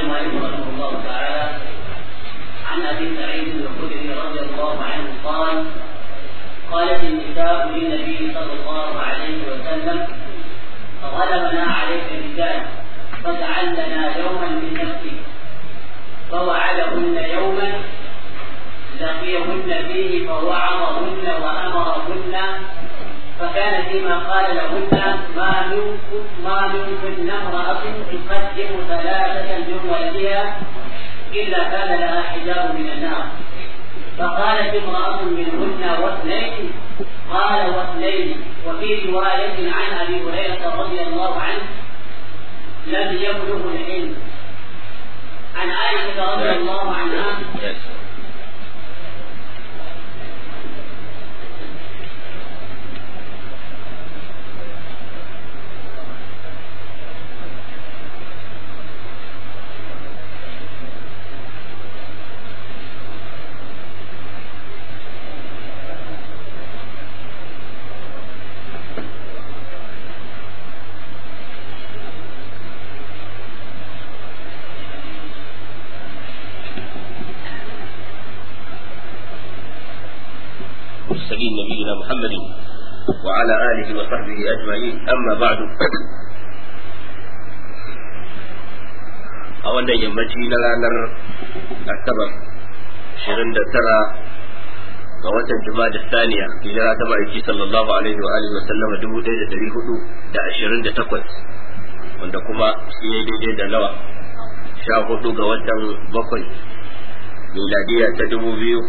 قال المؤلف رحمه الله تعالى عن ابي سعيد الخدري رضي الله عنه قال قالت النساء للنبي صلى الله عليه وسلم غلبنا عليك الرجال فاجعل لنا يوما من نفسك فوعدهن يوما لقيهن فيه فوعظهن وامرهن فكان فيما قال لهن ما يمكن ما يمكن امرأة تقدم ثلاثة من ولدها إلا كان لها حجاب من النار فقالت امرأة منهن واثنين قال واثنين وفي رواية عن أبي هريرة رضي الله عنه لم يبلغ العلم عن عائشة رضي الله عنها amma a wannan yammaci na ranar asabar 29 ga watan Juma da saniya hijira ta ma'aiki sallallahu alaihi wa alihi wa sallama 1428 wanda kuma shi ne daidai da nawa 14 ga watan bakwai miladiya ta 2000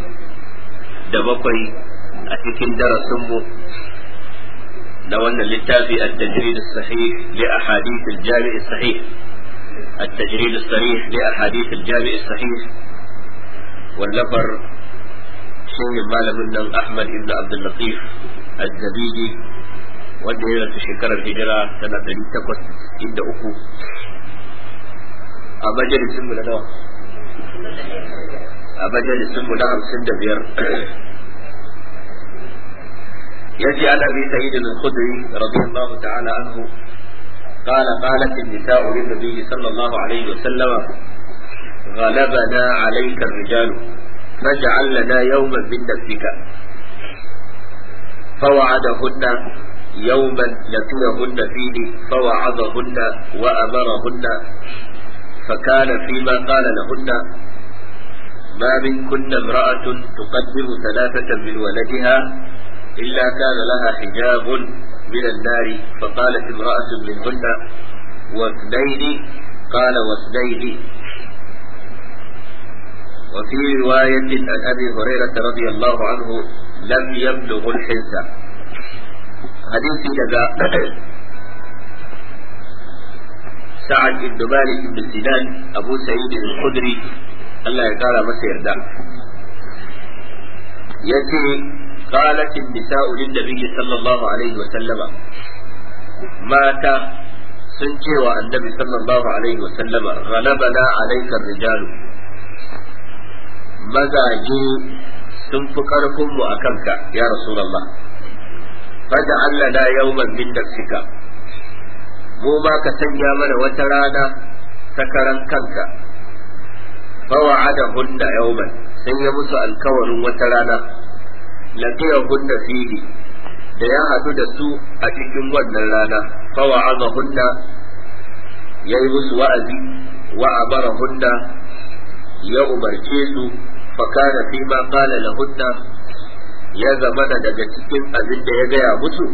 da bakwai a cikin darasinmu na wannan littafi at-tajrid as-sahih li ahadith al-jami' as-sahih at-tajrid as-sarih li ahadith al-jami' as-sahih wallafar shehin malamin nan Ahmad ibn Abdul Latif al-Zabidi wanda ya rasu shekarar hijira tana 803 a majalisin mu na nawa a majalisin mu na 55 يجي عن ابي سعيد الخدري رضي الله تعالى عنه قال قالت النساء للنبي صلى الله عليه وسلم غلبنا عليك الرجال فاجعل لنا يوما من نفسك فوعدهن يوما لقيهن فيه فوعظهن وامرهن فكان فيما قال لهن ما منكن امرأة تقدم ثلاثة من ولدها إلا كان لها حجاب من النار فقالت امرأة منهن واثنين قال واثنين وفي رواية عن أبي هريرة رضي الله عنه لم يبلغ الحنس حديث جزاء سعد بن مالك بن سنان أبو سعيد الخدري الله يقال مسير ده يأتي قالت النساء للنبي صلى الله عليه وسلم مات سنجي النبي صلى الله عليه وسلم غلبنا عليك الرجال mazaje sun fi ƙarfinmu a kanka ya rasulallah faja Allah na yawman min mu ma ka sanya mana wata rana ta karan kanka fawa da hunna yawman sun yi musu alkawarin wata rana laqiyahunna fili da ya haɗu da su a cikin wannan rana fa wa'azahunna yayi musu wa'azi wa abarahunna ya umarce su fa kana fi ma qala ya zama daga cikin abin da ya gaya musu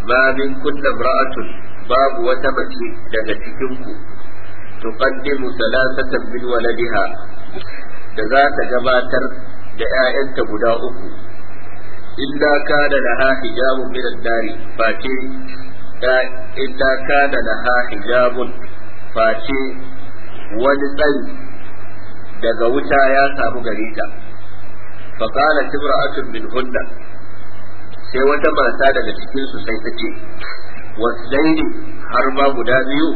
Ba min kunna ra'atun babu wata mace daga cikin ku tuqaddimu salasatan min waladiha da za ta gabatar da ‘ya'yanta guda uku, inda ka da laha hijabun minan dari face, inda ka da laha hijabun face wani tsari daga wuta ya samu gare ta. Fakala timra'atun min hunna sai wata mata daga cikinsu sai ta ce, wasdaini har ba guda biyu,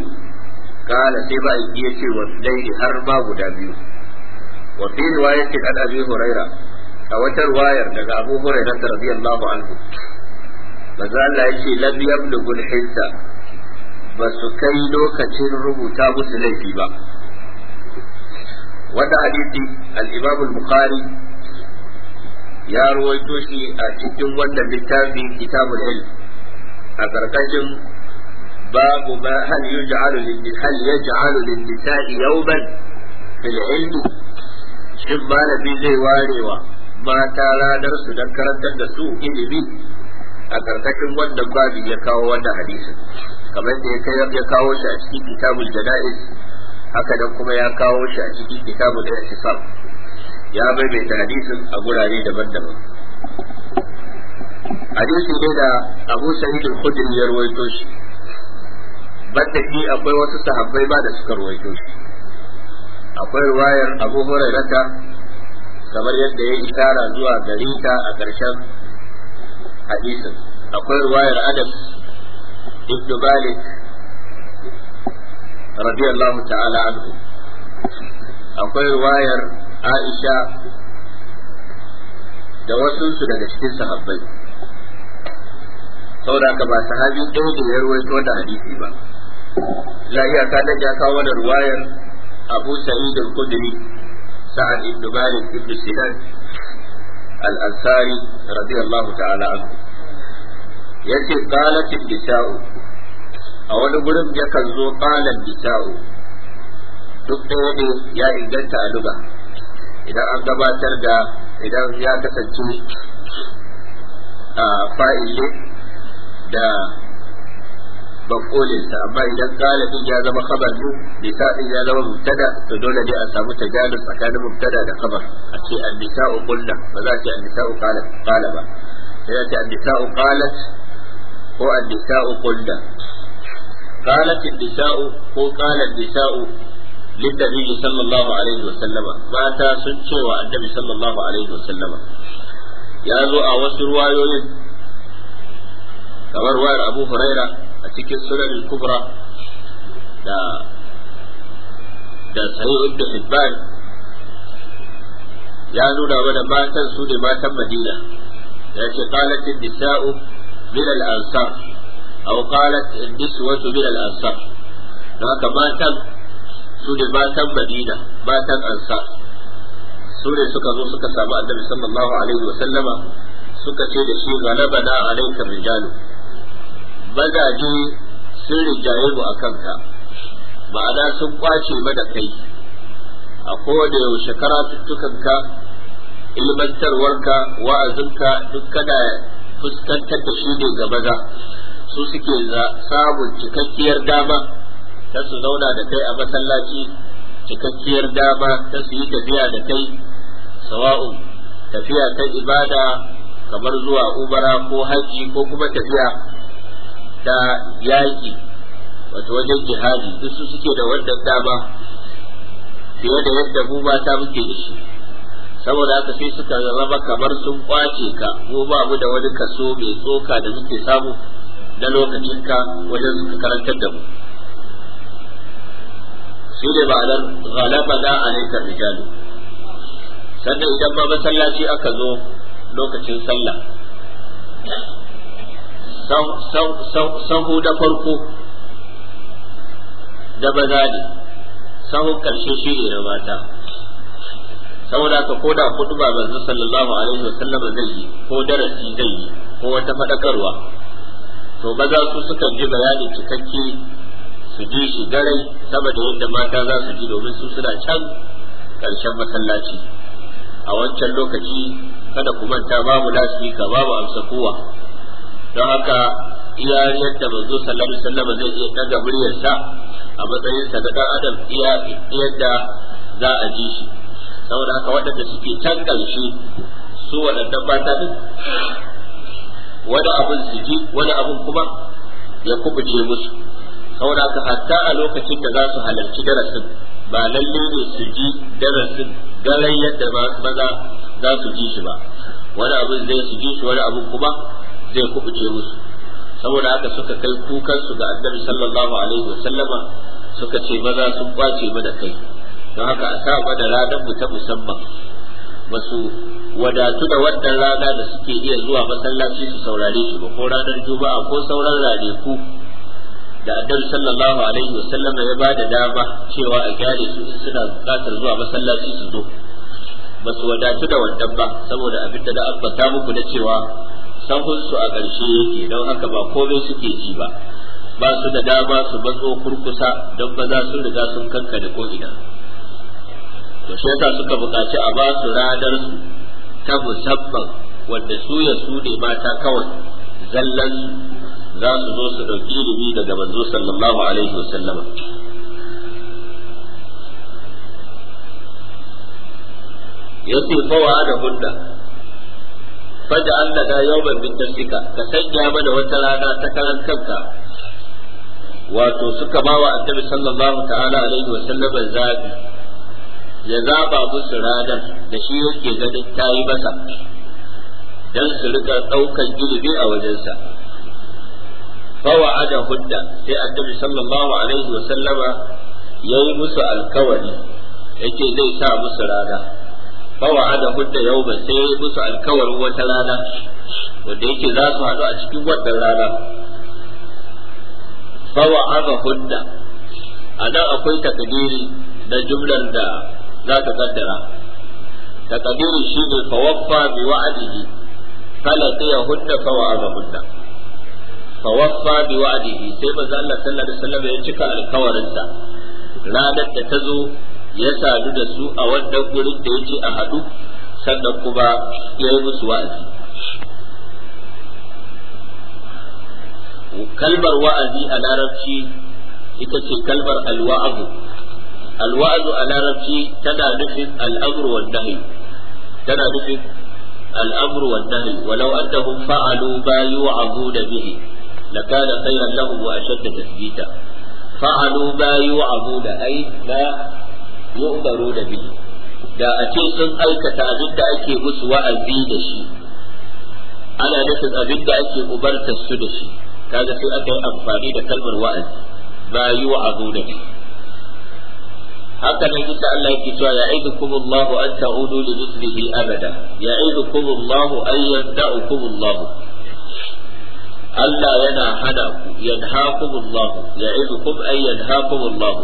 kala sai ba iya ce wasdaini har ba guda biyu. wa fi riwayatin an abi huraira a wata riwayar daga abu huraira radiyallahu anhu manzo Allah yace lam yablughu al ba su kai lokacin rubuta musu laifi ba wanda hadisi al-imam al ya ruwaito shi a cikin wannan littafin kitabul ilm a karkashin babu ma hal yaj'alu lin hal yaj'alu lin nisa'i yawman shin malami zai warewa mata ranar su don karantar da su ilimi a karkashin wanda babi ya kawo wannan hadisin kamar da ya kawo shi a cikin kitabul jana'iz haka nan kuma ya kawo shi a cikin kitabul ihtisab ya maimaita hadisin a gurare daban-daban hadisi ne da Abu Sa'id al-Khudri ya rawaito shi banda shi akwai wasu sahabbai ba da suka rawaito shi akwai ruwayar abu hurairata kamar yadda ya ishara zuwa gari ta a ƙarshen hadisin akwai ruwayar adam ibn malik radiyallahu ta'ala anhu akwai ruwayar aisha da wasu su daga cikin sahabbai saboda ka ba sahabi ɗaya da ya ruwaito da hadisi ba la iya ta daga kawo da ruwayar أبو سعيد الخدري سعد بن مالك بن سنان الأنصاري رضي الله تعالى عنه yace qalatin bisa'u a wani gurin yakan zo qalan bisa'u duk ɗaya ne ya inganta a idan an gabatar da idan ya kasance a fa'ile da makolinsa amma idan kala ya zama khabar ne nisa ya zama mubtada to dole ne a samu tajalus tsakanin mubtada da khabar a ce an-nisa'u ba za ce an-nisa'u qala qala ba sai ce an-nisa'u qalat ko an-nisa'u qulna قالت النساء ko قال النساء للنبي صلى الله عليه وسلم ماتا سنشي والنبي صلى الله عليه وسلم يا ذو أوس رواية kamar wayar abu huraira a cikin sunan kubra da da sahih ibn hibban ya nuna wa da matan su ne matan madina ya ce qalat nisa'u min al-ansar aw qalat niswatu min al-ansar da ka matan su ne matan madina matan ansar su ne suka zo suka samu annabi sallallahu alaihi wa sallama suka ce da shi galaba na alaikar rijalu mazaje sun rijaye mu a kanka ma'ana sun kwace mana kai a kowane yaushe karatuttukanka ilmantarwarka wa'azinka duk kana fuskantar da shi ne ga maza su suke samun cikakkiyar dama ta su zauna da kai a masallaci cikakkiyar dama ta su yi tafiya da kai sawa'u tafiya ta ibada kamar zuwa umara ko haji ko kuma tafiya ta yaƙi wato wajen jihadi duk su suke da wannan dama fiye da yadda mu mata muke da shi saboda haka sai suka zama kamar sun kwace ka mu ba mu da wani kaso mai tsoka da muke samu na lokacin ka wajen suka karantar da mu shi ne ma'anar ghalaba na alaikar rijalu sannan idan ma masallaci aka zo lokacin sallah sahu da farko da bazali sahu sahun karshe shi ne na mata saboda ka ko da kudu ba banzu sallallahu alaihi wasallam zai yi ko darasi zai yi ko wata fadakarwa to maza su sukan ji bayani cikakke su ji shi garai saboda yadda mata za su ji domin su suna can karshen masallaci a wancan lokaci kada ku manta babu ka babu amsa kowa don haka iya yadda manzo sallallahu alaihi wasallam zai iya daga muryarsa a matsayin sa adam iya yadda za a ji shi saboda haka waɗanda suke can ƙarshe su waɗannan ta din wani abin su ji wani abin kuma ya kubuce musu saboda haka hatta a lokacin da za su halarci darasin ba lalle ne su ji darasin garan yadda maza za su ji shi ba wani abin zai su ji shi wani abin kuma zai kubuce musu saboda haka suka kai kukan su ga annabi sallallahu alaihi wa sallama suka ce maza sun kwace mana kai don haka a sa mana ranar mu ta musamman ba su wadatu da wannan rana da suke iya zuwa masallaci su saurare shi ba ko ranar juma'a ko sauran ku da annabi sallallahu alaihi wa sallama ya ba da dama cewa a gyare su suna bukatar zuwa masallaci su zo ba su wadatu da wannan ba saboda abinda da na ambata muku na cewa sahunsu a ƙarshe yake don haka ba komai suke ji ba ba su da dama su matso kurkusa don ba za su riga sun kanka da ko'ina Da shi suka buƙaci a ba su ranar su ta musamman wanda su ya su ne mata kawai zallan za su zo su ɗauki ilimi daga manzo sallallahu alaihi wasallama yace fawa da hudda faja an daga yawman min nafsika ka sanya mana wata rana ta karan kanka wato suka ba wa annabi sallallahu ta'ala alaihi wa sallam zabi ya zaba musu ranar da shi yake ganin tayi masa dan su rika daukan gilibi a wajensa ada hudda sai annabi sallallahu alaihi wa sallama yayi musu alkawari yake zai sa musu rana fawa'ada hudda ba sai ya musu alkawarin wata rana wanda yake za su haɗu a cikin wannan rana fawa'ada hudda a nan akwai takadiri na jumlar da za ka kaddara takadiri shi ne fawaffa bi wa'adihi falaqiya hudda fawa'ada hudda fawaffa bi wa'adihi sai manzo Allah sallallahu alaihi wasallam ya cika alkawarinsa ranar da ta zo ya sadu da su a wannan gurin da yake a haɗu sannan kuma ya yi musu wa'azi kalmar wa'azi a larabci ita ce kalmar alwa'azu alwa'azu a larabci tana nufin al'amru wa nahi tana nufin al'amru wa nahi walau annahum fa'alu ma yu'azuna bihi لكان خيرا لهم واشد تثبيتا فعلوا ما يوعظون اي ما yu'baru da bi da a ce sun aikata abin da ake musu wa'azi da shi ana nufin abin da ake ubartar su da shi kaga sai aka yi amfani da kalmar wa'azi ba yi abu da bi haka nan ita Allah yake cewa ya'idukum Allah an ta'udu li mithlihi abada ya'idukum Allah an yada'ukum Allah Allah yana hana ku yanhaakum Allah kuma an yanhaakum Allah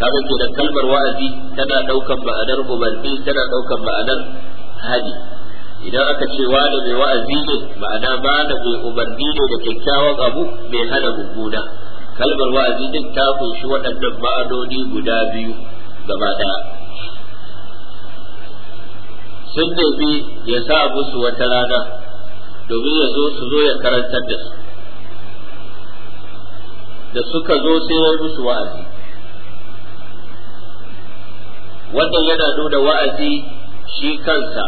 kaga ke da kalmar wa'azi tana daukan ma'anar umarni tana daukan ma'anar hadi idan aka ce wa da mai wa'azi ne ma'ana ba da mai umarni ne da kyakkyawan abu mai hana mummuna kalmar wa'azi din ta kunshi waɗannan ma'anoni guda biyu gaba ɗaya sun nemi ya sa musu wata rana domin ya zo su zo ya karantar da su da suka zo sai ya musu wa'azi wannan yana nuna wa'azi shi kansa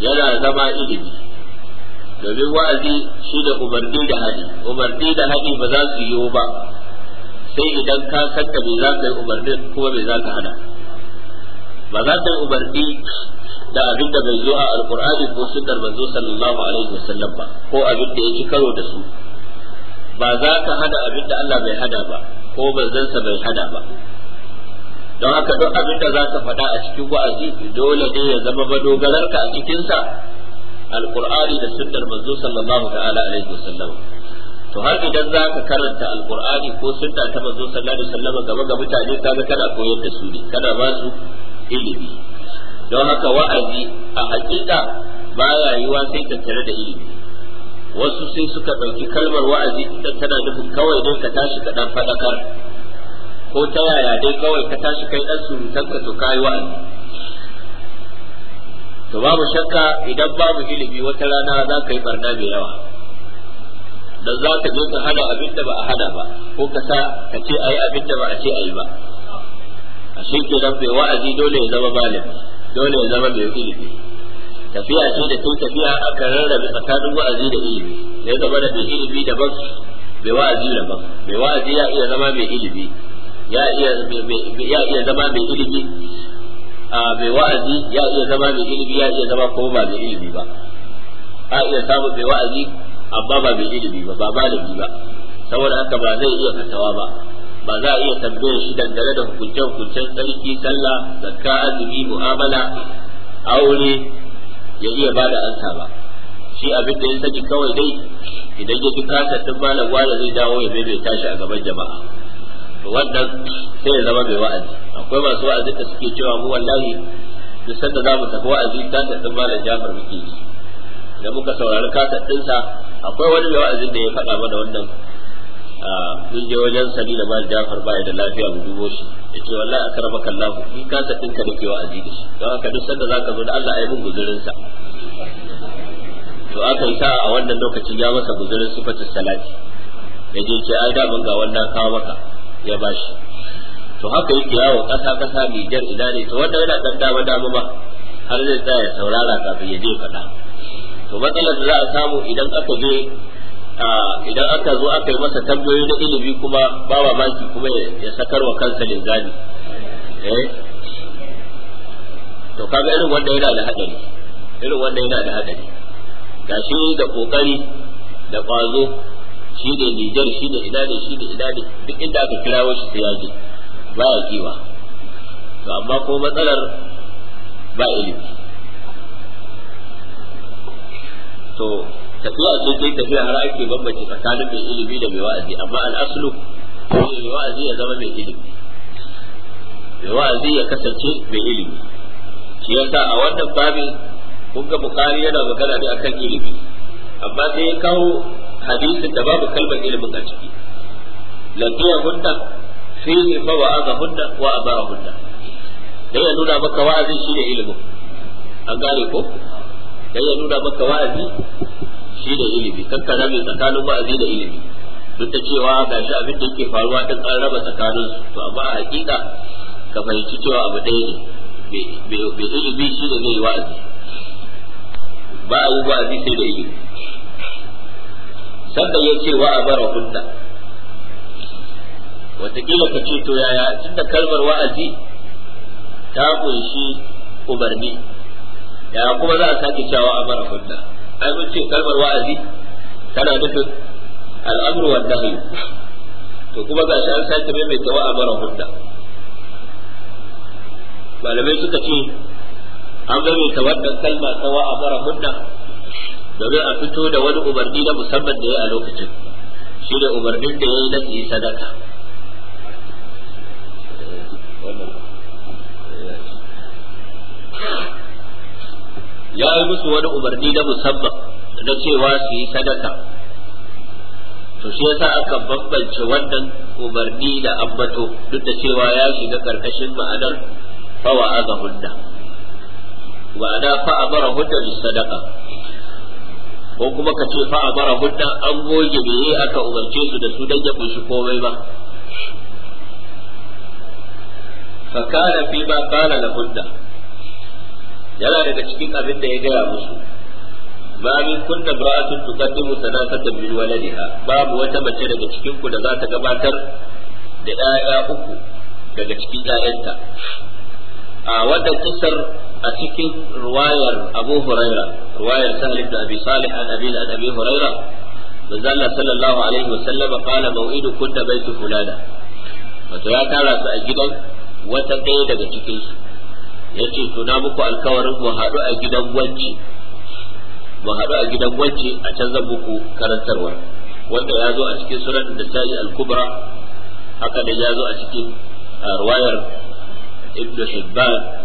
yana zama ilimi domin wa'azi shi da umarni da hadi umarni da hadi ba za su yiwu ba sai idan ka san da me za ka yi umarnin kuma me za ka hana ba za ka yi umarni da abin da bai zo a alkur'ani ko sunnar manzo sallallahu alaihi wasallam ba ko abin da ya ci karo da su ba za ka hada abin da Allah bai hada ba ko manzansa bai hada ba don haka duk abin da za ka faɗa a cikin wa'azi dole ne ya zama madogararka a cikinsa Alƙur'ani da sunnar manzo sallallahu ta'ala alaihi wasallam to har idan za ka karanta Alƙur'ani ko sunna ta manzo sallallahu alaihi wasallam gaba ga mutane ga kana koyar da su ne kana ba su ilimi don haka wa'azi a hakika baya yiwa sai tattare da ilimi wasu sai suka ɗauki kalmar wa'azi tana nufin kawai don ka tashi ka dan faɗakar ko ta yaya dai kawai ka tashi kai dan surutan ka to kai wa'azi to babu shakka idan babu ilimi wata rana za ka yi barna mai yawa dan za ka je ka hana abin da ba a hana ba ko ka sa ka ce ai abin da ba a ce ai ba a shi ke nan wa'azi dole ya zama malami dole ya zama mai ilimi tafiya ce da tun tafiya aka rarrabe tsakanin wa'azi da ilimi ya zama da mai ilimi daban bai wa'azi daban mai wa'azi ya iya zama mai ilimi ya iya zama mai ilimi mai wa'azi ya iya zama mai ilimi ya iya zama kuma ba mai ilimi ba a iya samun mai wa'azi amma ba mai ilimi ba ba malami ba saboda haka ba zai iya fatawa ba ba za a iya tambayar shi dangane da hukuncen hukuncen tsarki sallah zakka azumi mu'amala aure ya iya ba da ansa ba shi abin da ya sani kawai dai idan ya ji kasa tun malam wala zai dawo ya maimaita shi a gaban jama'a to wannan sai ya zama mai wa'azi akwai masu wa'azin da suke cewa mu wallahi duk sanda za mu tafi wa'azi ta da din malam Jafar muke yi da muka saurari kasar sa akwai wani mai wa'azin da ya faɗa mana wannan mun je wajen sani da malam jafar ba da lafiya mu dubo shi ya ce wallahi akar Allah ni ka ta ka nake wa'azi da shi don haka duk sanda ka zo da Allah ayi mun guzurin sa to aka yi sa'a a wannan lokacin ya masa guzurin sifatus salati ya je ce ai da mun ga wannan kawo maka ya bashi to haka yake yawo kasa kasa mai jar ina ne to wanda yana dan dama dama ba har zai tsaya saurara kafin ya je faɗa to matsalar da za a samu idan aka je idan aka zo aka yi masa tambayoyi na ilimi kuma ba maki kuma ya sakar wa kansa linzami eh to kaga irin wanda yana da hadari irin wanda yana da hadari gashi da kokari da kwazo shi ne Nijar shi ne ina ne shi ne ina ne duk inda aka kira wasu sai ya je ba ya kiwa to amma ko matsalar ba ilimi to tafiya ce ce tafiya har ake bambance tsakanin mai ilimi da mai wa'azi amma al'aslu mai wa'azi ya zama mai ilimi mai wa'azi ya kasance mai ilimi shi yasa a wannan babin kun ga bukari yana magana ne akan ilimi amma sai ya kawo hadisin da babu kalmar ilimin a ciki lafiya hunda fihi fa wa'aza hunna wa abara hunda, dai ya nuna maka wa'azi shi shine ilimin an gane ko dai ya nuna maka wa'azi shi shine ilimi kanka rabe tsakanin wa'azi da ilimi duk da cewa ga shi abin da yake faruwa din an raba tsakanin su to amma a hakika ka fahimci cewa abu ɗaya ne bai ilimi shi ne zai wa'azi ba a yi wa'azi sai da ilimi sanda ce wa amara hunna wataƙila ka ce to yaya tunda kalmar wa'azi ta kunshi umarni yaya kuma za a sake cewa amara hunna ai mun ce kalmar wa'azi tana nufin al'amru wa nahyu to kuma gashi an sake maimaita wa amara hunna malamai suka ce an maimaita wannan kalma ta wa amara hunna domin a fito da wani umarni na musamman da ya a lokacin shi ne umarnin da ya yi na su yi sadaka ya yi musu wani umarni na musamman na cewa su yi sadaka to shi yasa aka bambance wannan umarni da ambato duk da cewa ya shiga karkashin ma'anar fawa hunda. Wa ma'ana fa mara hunda bis sadaka? ko kuma ka ce fa a bara hudda an goge yi aka umarce su da su dan ya kunshi komai ba fa kana fi ba kana la hudda yana daga cikin abin da ya gaya musu ba min kunna bra'atun tuqaddimu sadaqata min waladiha babu wata mace daga cikin ku da za ta gabatar da 'ya'ya uku daga cikin 'ya'yanta a wannan kusar. a cikin ruwayar Abu Huraira ruwayar Sahal ibn Abi Salih an Abi an Abi Huraira manzo Allah sallallahu alaihi wa sallama qala mau'idu kunna baitu fulana wato ya tara su a gidan wata ɗaya daga cikin su yace to na muku alkawarin mu haɗu a gidan wance mu haɗu a gidan wance a can zan muku karantarwa wanda ya zo a cikin sunan da sa'i al-kubra haka da ya zo a cikin ruwayar ibn Hibban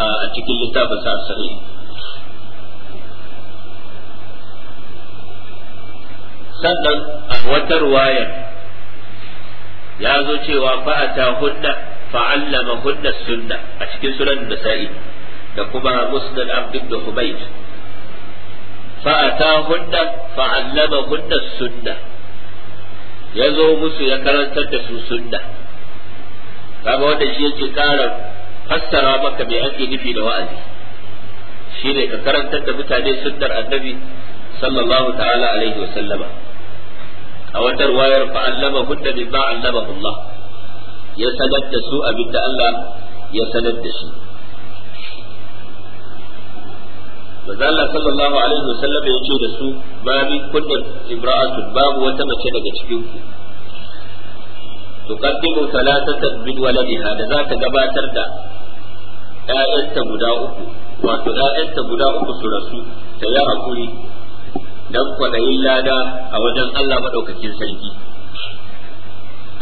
a cikin littafin sa sannan a wata ruwayar ya zo cewa fa'ata hunna fa'allama hudda sunna a cikin sunan nasa'i da kuma musnad abd ibn humayd fa'ata hunna fa'allama hudda sunna ya zo musu ya karantar da su sunna kama wanda shi yake ƙara fassara maka me ake nufi da wa'azi Shi ne ka karantar da mutane sunnar annabi sallallahu ta'ala alaihi wa sallama a wata wayar fa allama hunna mimma allamahu Allah ya sanar da su abinda Allah ya sanar da shi manzo Allah sallallahu alaihi wa sallama ya ce da su ma min kunna imra'atun babu wata mace daga cikin ku tuqaddimu salatatan min waladiha da za ta gabatar da ƴaƴanta guda uku wato 'ya'yanta guda uku su rasu ta yi haƙuri, dan kwaɗayin lada a wajen Allah maɗaukakin sarki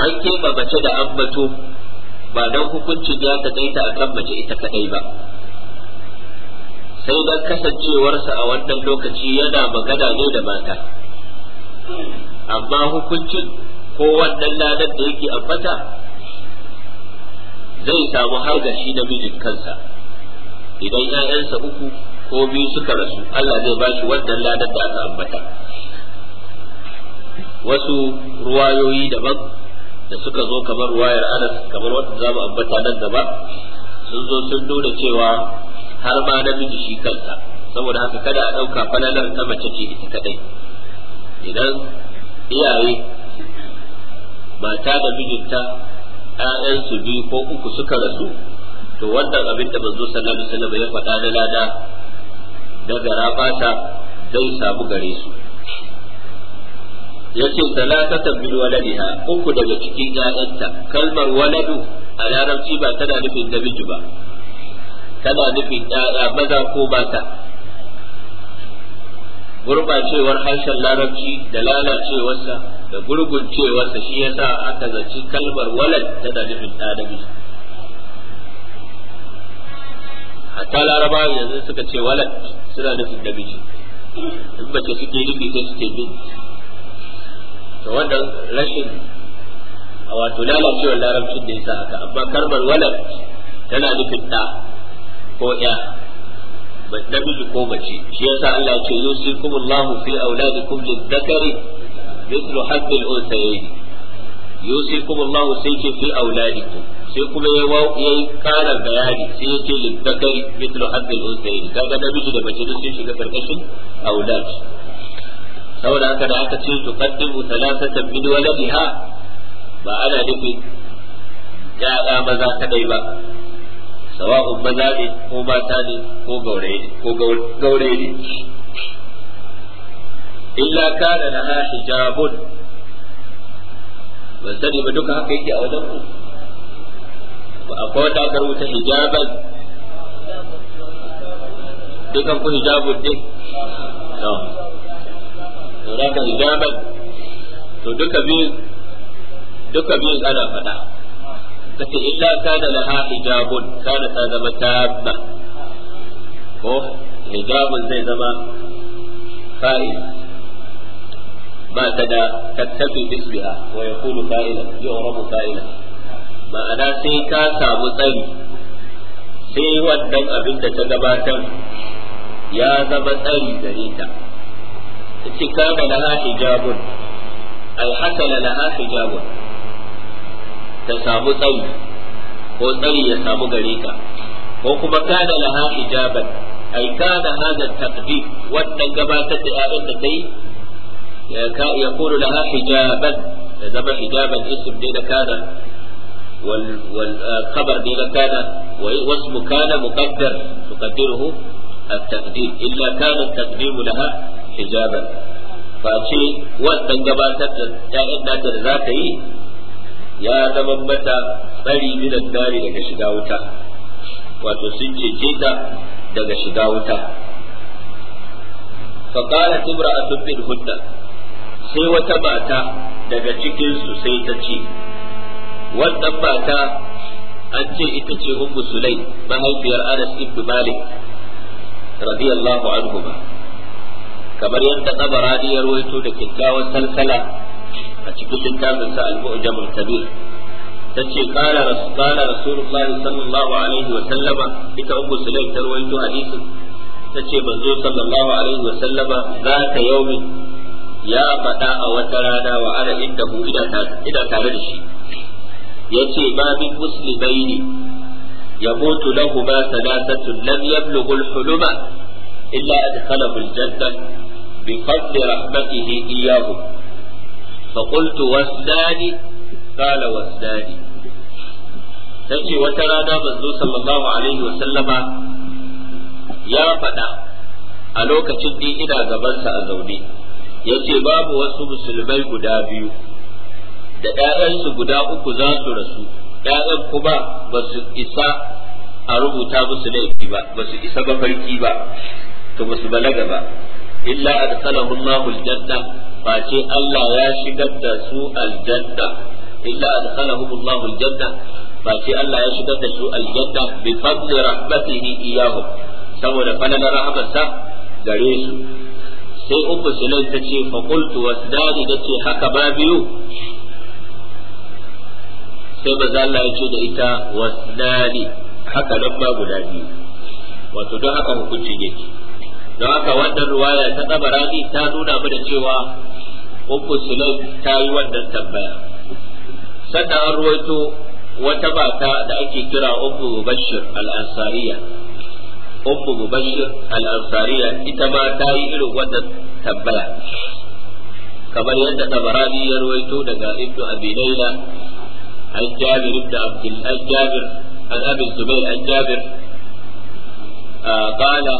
an keɓe mace da ambato ba dan hukuncin ya taƙaita a kan mace ita kaɗai ba sai dan kasancewarsa a wannan lokaci yana magana ne da mata amma hukuncin ko wannan ladan da yake ambata zai samu har da shi namijin kansa idan 'ya'yansa uku ko biyu suka rasu Allah zai bashi wannan ladar da aka ambata wasu ruwayoyi daban da suka zo kamar ruwayar Anas kamar wanda za mu ambata nan gaba sun zo sun nuna cewa har ma namiji shi kansa saboda haka kada a ɗauka falalar ta mace ce ita kadai idan iyaye mata da mijinta ya'yansu biyu ko uku suka rasu to wannan abin da manzo sallallahu alaihi wasallam ya faɗa na lada daga rabata zai samu gare su yace talatatan min waladiha uku daga cikin ƴaƴanta kalmar waladu a larabci ba tana nufin namiji ba tana nufin yaya maza ko mata gurbacewar harshen larabci da lalacewarsa da gurguncewarsa shi yasa aka zaci kalmar walad ta dalibin dalibi hatta laraba yanzu suka ce walad suna nufin namiji in ce suke nufi sai suke bin to wanda rashin a wato lalacewar larabcin da yasa haka amma kalmar walad tana nufin da ko ya namiji ko mace shi yasa Allah ya ce yusikumullahu fi auladikum lidhakari mithlu hadd al-unthayayn yusikumullahu sai ce fi auladikum sai kuma ya yi ƙara bayani sai ya ce lidhakari mithlu hadd al-unthayayn kaga namiji da mace sun shiga karkashin aulad saboda haka da aka ce tuqaddimu thalathatan min waladiha ba ana nufin ya'ya maza kadai ba sawa'un maza ne ko mata ne ko gaure ne illa kana laha hijabun ban sani ba duka haka yake a wajen ku ba akwai wata aka ta hijaban dukan ku hijabun ne to da hijaban to duka biyu duka biyun ana faɗa tace illa kana laha hijabun kana ta zama tabba ko hijabun zai zama fa'il ba ta da tattafi bisbiha wa yakunu fa'ila yu'rabu fa'ila ma'ana sai ka samu tsari sai wannan abin da ta gabatar ya zama tsari gare ta ta ce kana laha hijabun ai haka laha hijabun ta samu tsayi ko tsari ya samu gare ka ko kuma kana laha hijaban ai kana hada taqdir wannan gabatar da ƴaƴan da kai ya ka ya yakunu laha hijaban da zama hijaban ism ne da kana wal wal khabar ne da kana wa wasmu kana muqaddar tuqaddiruhu التقدير إلا كان التقدير لها حجابا فأشي وأن جباتك يا إن ذاك ya zama mata tsari minan dari daga shiga wuta wato sun cece ta daga shiga wuta faƙala tubra a tubbin hudda sai wata mata daga cikinsu sai ta ce wannan mata an ce ita ce ummu sulai mahaifiyar anas ibnu malik radiyallahu anhu ba kamar yadda tsabarani ya ruwaito da kyakkyawan salsala a cikin littafin sa al-mu'jamul kabir tace qala rasul qala rasulullahi sallallahu alaihi wa sallama ita ummu sulaim tarwaito hadisin tace banzo sallallahu alaihi wa sallama Za zaka yaumi ya faɗa a wata rana wa ana inda mu ina tare da shi yace ma min muslimaini يموت لهما ثلاثة لم يبلغوا الحلم إلا أدخله الجنة بفضل رحمته إياهم فقلت واسداني قال واسداني tace wata rana manzo sallallahu alaihi wa sallama ya faɗa a lokacin ni ina gabansa a zaune yace babu wasu musulmai guda biyu da ‘ya'yansu guda uku za su rasu, ‘ya'yan kuma ba su isa a rubuta musu laifi ba, ba su isa mafarki ba, to ba su balaga ba, illa a tsanahun mahul janna face Allah ya shigar da su aljanna illa adkhalahum Allah aljanna face Allah ya shigar da su aljanna bi fadli rahmatihi iyyahum saboda falalar rahmatsa gare su sai ummu sulaim ta ce fa qultu wasdani dace haka ba biyu sai maza Allah ya ce da ita wasdani haka nan ba guda biyu wato don haka hukunci yake don haka wannan ruwaya ta tsabarani ta nuna mana cewa uku sulaim ta yi wannan tambaya sannan an ruwaito wata mata da ake kira ummu mubashir al-ansariya ummu mubashir al-ansariya ita ma ta yi irin wannan tambaya kamar yadda tabarani ya ruwaito daga ibnu abi laila an jabir ibn abdul an jabir an abi zubair an jabir qala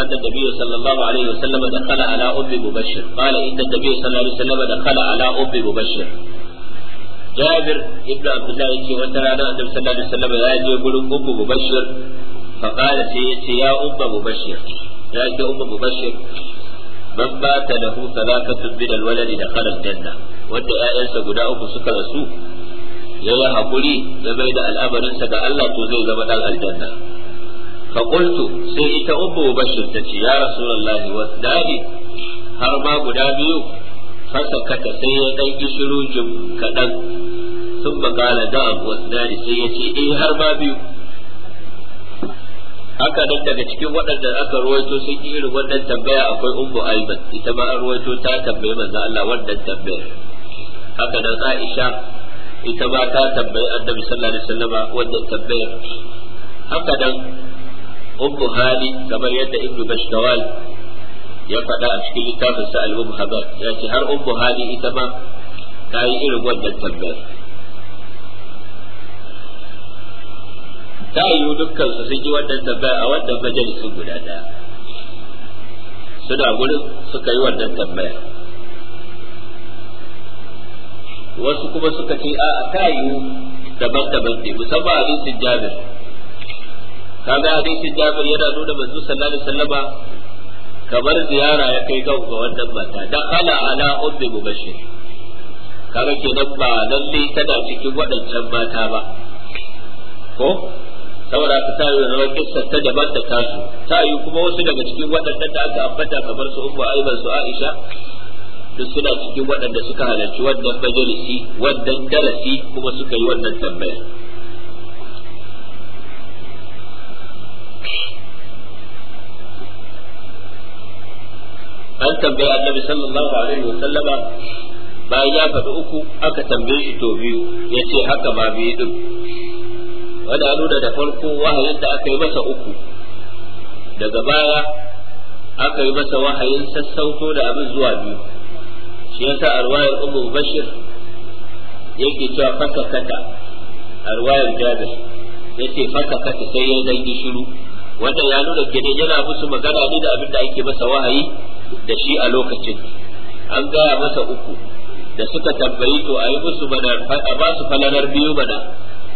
أن النبي صلى الله عليه وسلم دخل على أم مبشر قال إن النبي صلى الله عليه وسلم دخل على أم مبشر جابر ابن عبد الله يتي وترانا النبي صلى الله عليه وسلم لا يقول أم مبشر فقال سيتي يا أم مبشر يا أم مبشر من مات له ثلاثة من الولد دخل الجنة وأنت آيانسا قداؤك سكر سوء يا يا حقولي لما إذا الأمر انسى الله تو زي زمن الجنة fa qultu sai ita ummu bashir ta ce ya rasulullahi wa dadi har ma guda biyu fasakata sai ya dan kishiru jim kadan sun bakala da dadi sai ya har ma biyu haka nan daga cikin waɗanda aka ruwaito sun yi irin wannan tambaya akwai ummu aiman ita ma an ruwaito ta tambaye manzo Allah wannan tambayar haka nan Aisha ita ma ta tambayi Annabi sallallahu alaihi wasallam wannan tambayar haka nan ummu hali kamar yadda ibnu bashtawal ya faɗa a cikin littafin sa al-mubhabat ya ce har ummu hali ita ma ta yi irin wannan tambayar ta yiwu dukkan su sun yi wannan tambaya a wannan majalisin guda ɗaya suna gurin suka yi wannan tambaya wasu kuma suka ce a ta yiwu daban-daban ne musamman abin jabir kaga hadisin Jabir yana nuna manzo sallallahu alaihi wasallama kamar ziyara ya kai ga wannan mata da ala ala ummi mubashir kaga kenan ba lalle tana cikin waɗancan mata ba ko saboda ka tayi da rawar kissa ta daban da tasu ta yi kuma wasu daga cikin waɗannan da aka ambata kamar su ummu aiba su aisha duk suna cikin waɗanda suka halarci wannan majalisi wannan darasi kuma suka yi wannan tambaya an tambaye annabi sallallahu alaihi wa sallama bayan ya faɗi uku aka tambaye shi to biyu ya ce haka ma biyu din wanda nuna da farko wahayin da aka yi masa uku daga baya aka yi masa wahayin sassauto da abin zuwa biyu shi yasa arwayar ummu bashir yake cewa faka kata arwayar jabir yace faka kata sai ya dangi shiru wanda ya nuna kenan yana musu magana ne da abin da ake masa wahayi da shi a lokacin an gaya masa uku da suka tambayi to a yi musu bana a ba su falalar biyu bana,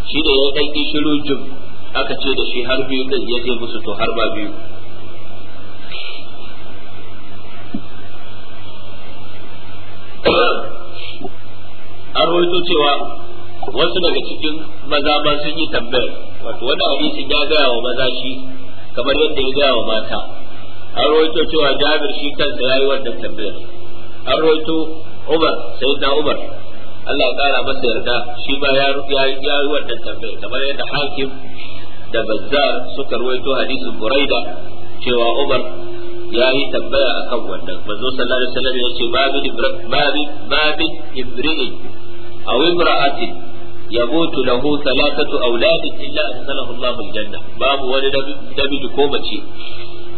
shi da ya ɗan shiru jum aka ce da shi har biyu din ya je musu to har ba biyu an rawaito cewa wasu daga cikin maza ma sun yi tambayar wato wani hadisin ya gaya wa maza shi kamar yadda ya gaya wa mata an rawaito cewa jabir shi kansa yayi wannan tambayar an rawaito umar da umar Allah ya kara masa yarda shi ba ya yi wannan tambayar kamar yadda hakim da bazzar suka rawaito hadisin buraida cewa umar ya yi tambaya akan wannan manzo sallallahu alaihi wasallam ya ce babin babin babin ibri'in aw imra'atin يموت له ثلاثة أولاد إلا أدخله الله الجنة باب ولد دمج كومتي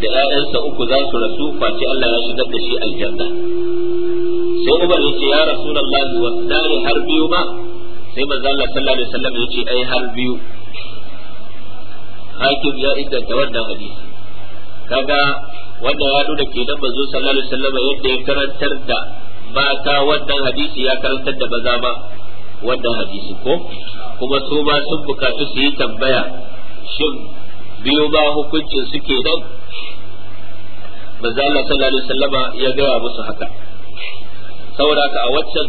da ‘ya'yansa uku za su rasu face Allah ya shigar da shi aljanna. Sai Umar ya ce, Ya Rasulallah, wa dare har biyu ba sai manzo Allah sallallahu alaihi wasallam ya ce, Ai, har biyu. Hakim ya inganta wannan hadisi. Kaga wannan ya nuna kenan manzo sallallahu alaihi wasallam yadda ya karantar da mata wannan hadisi ya karantar da maza ba wannan hadisi ko kuma su ba sun bukatu su yi tambaya shin biyu ba hukuncin su kenan manzo Allah sallallahu alaihi wasallama ya gaya musu haka saboda ka a waccan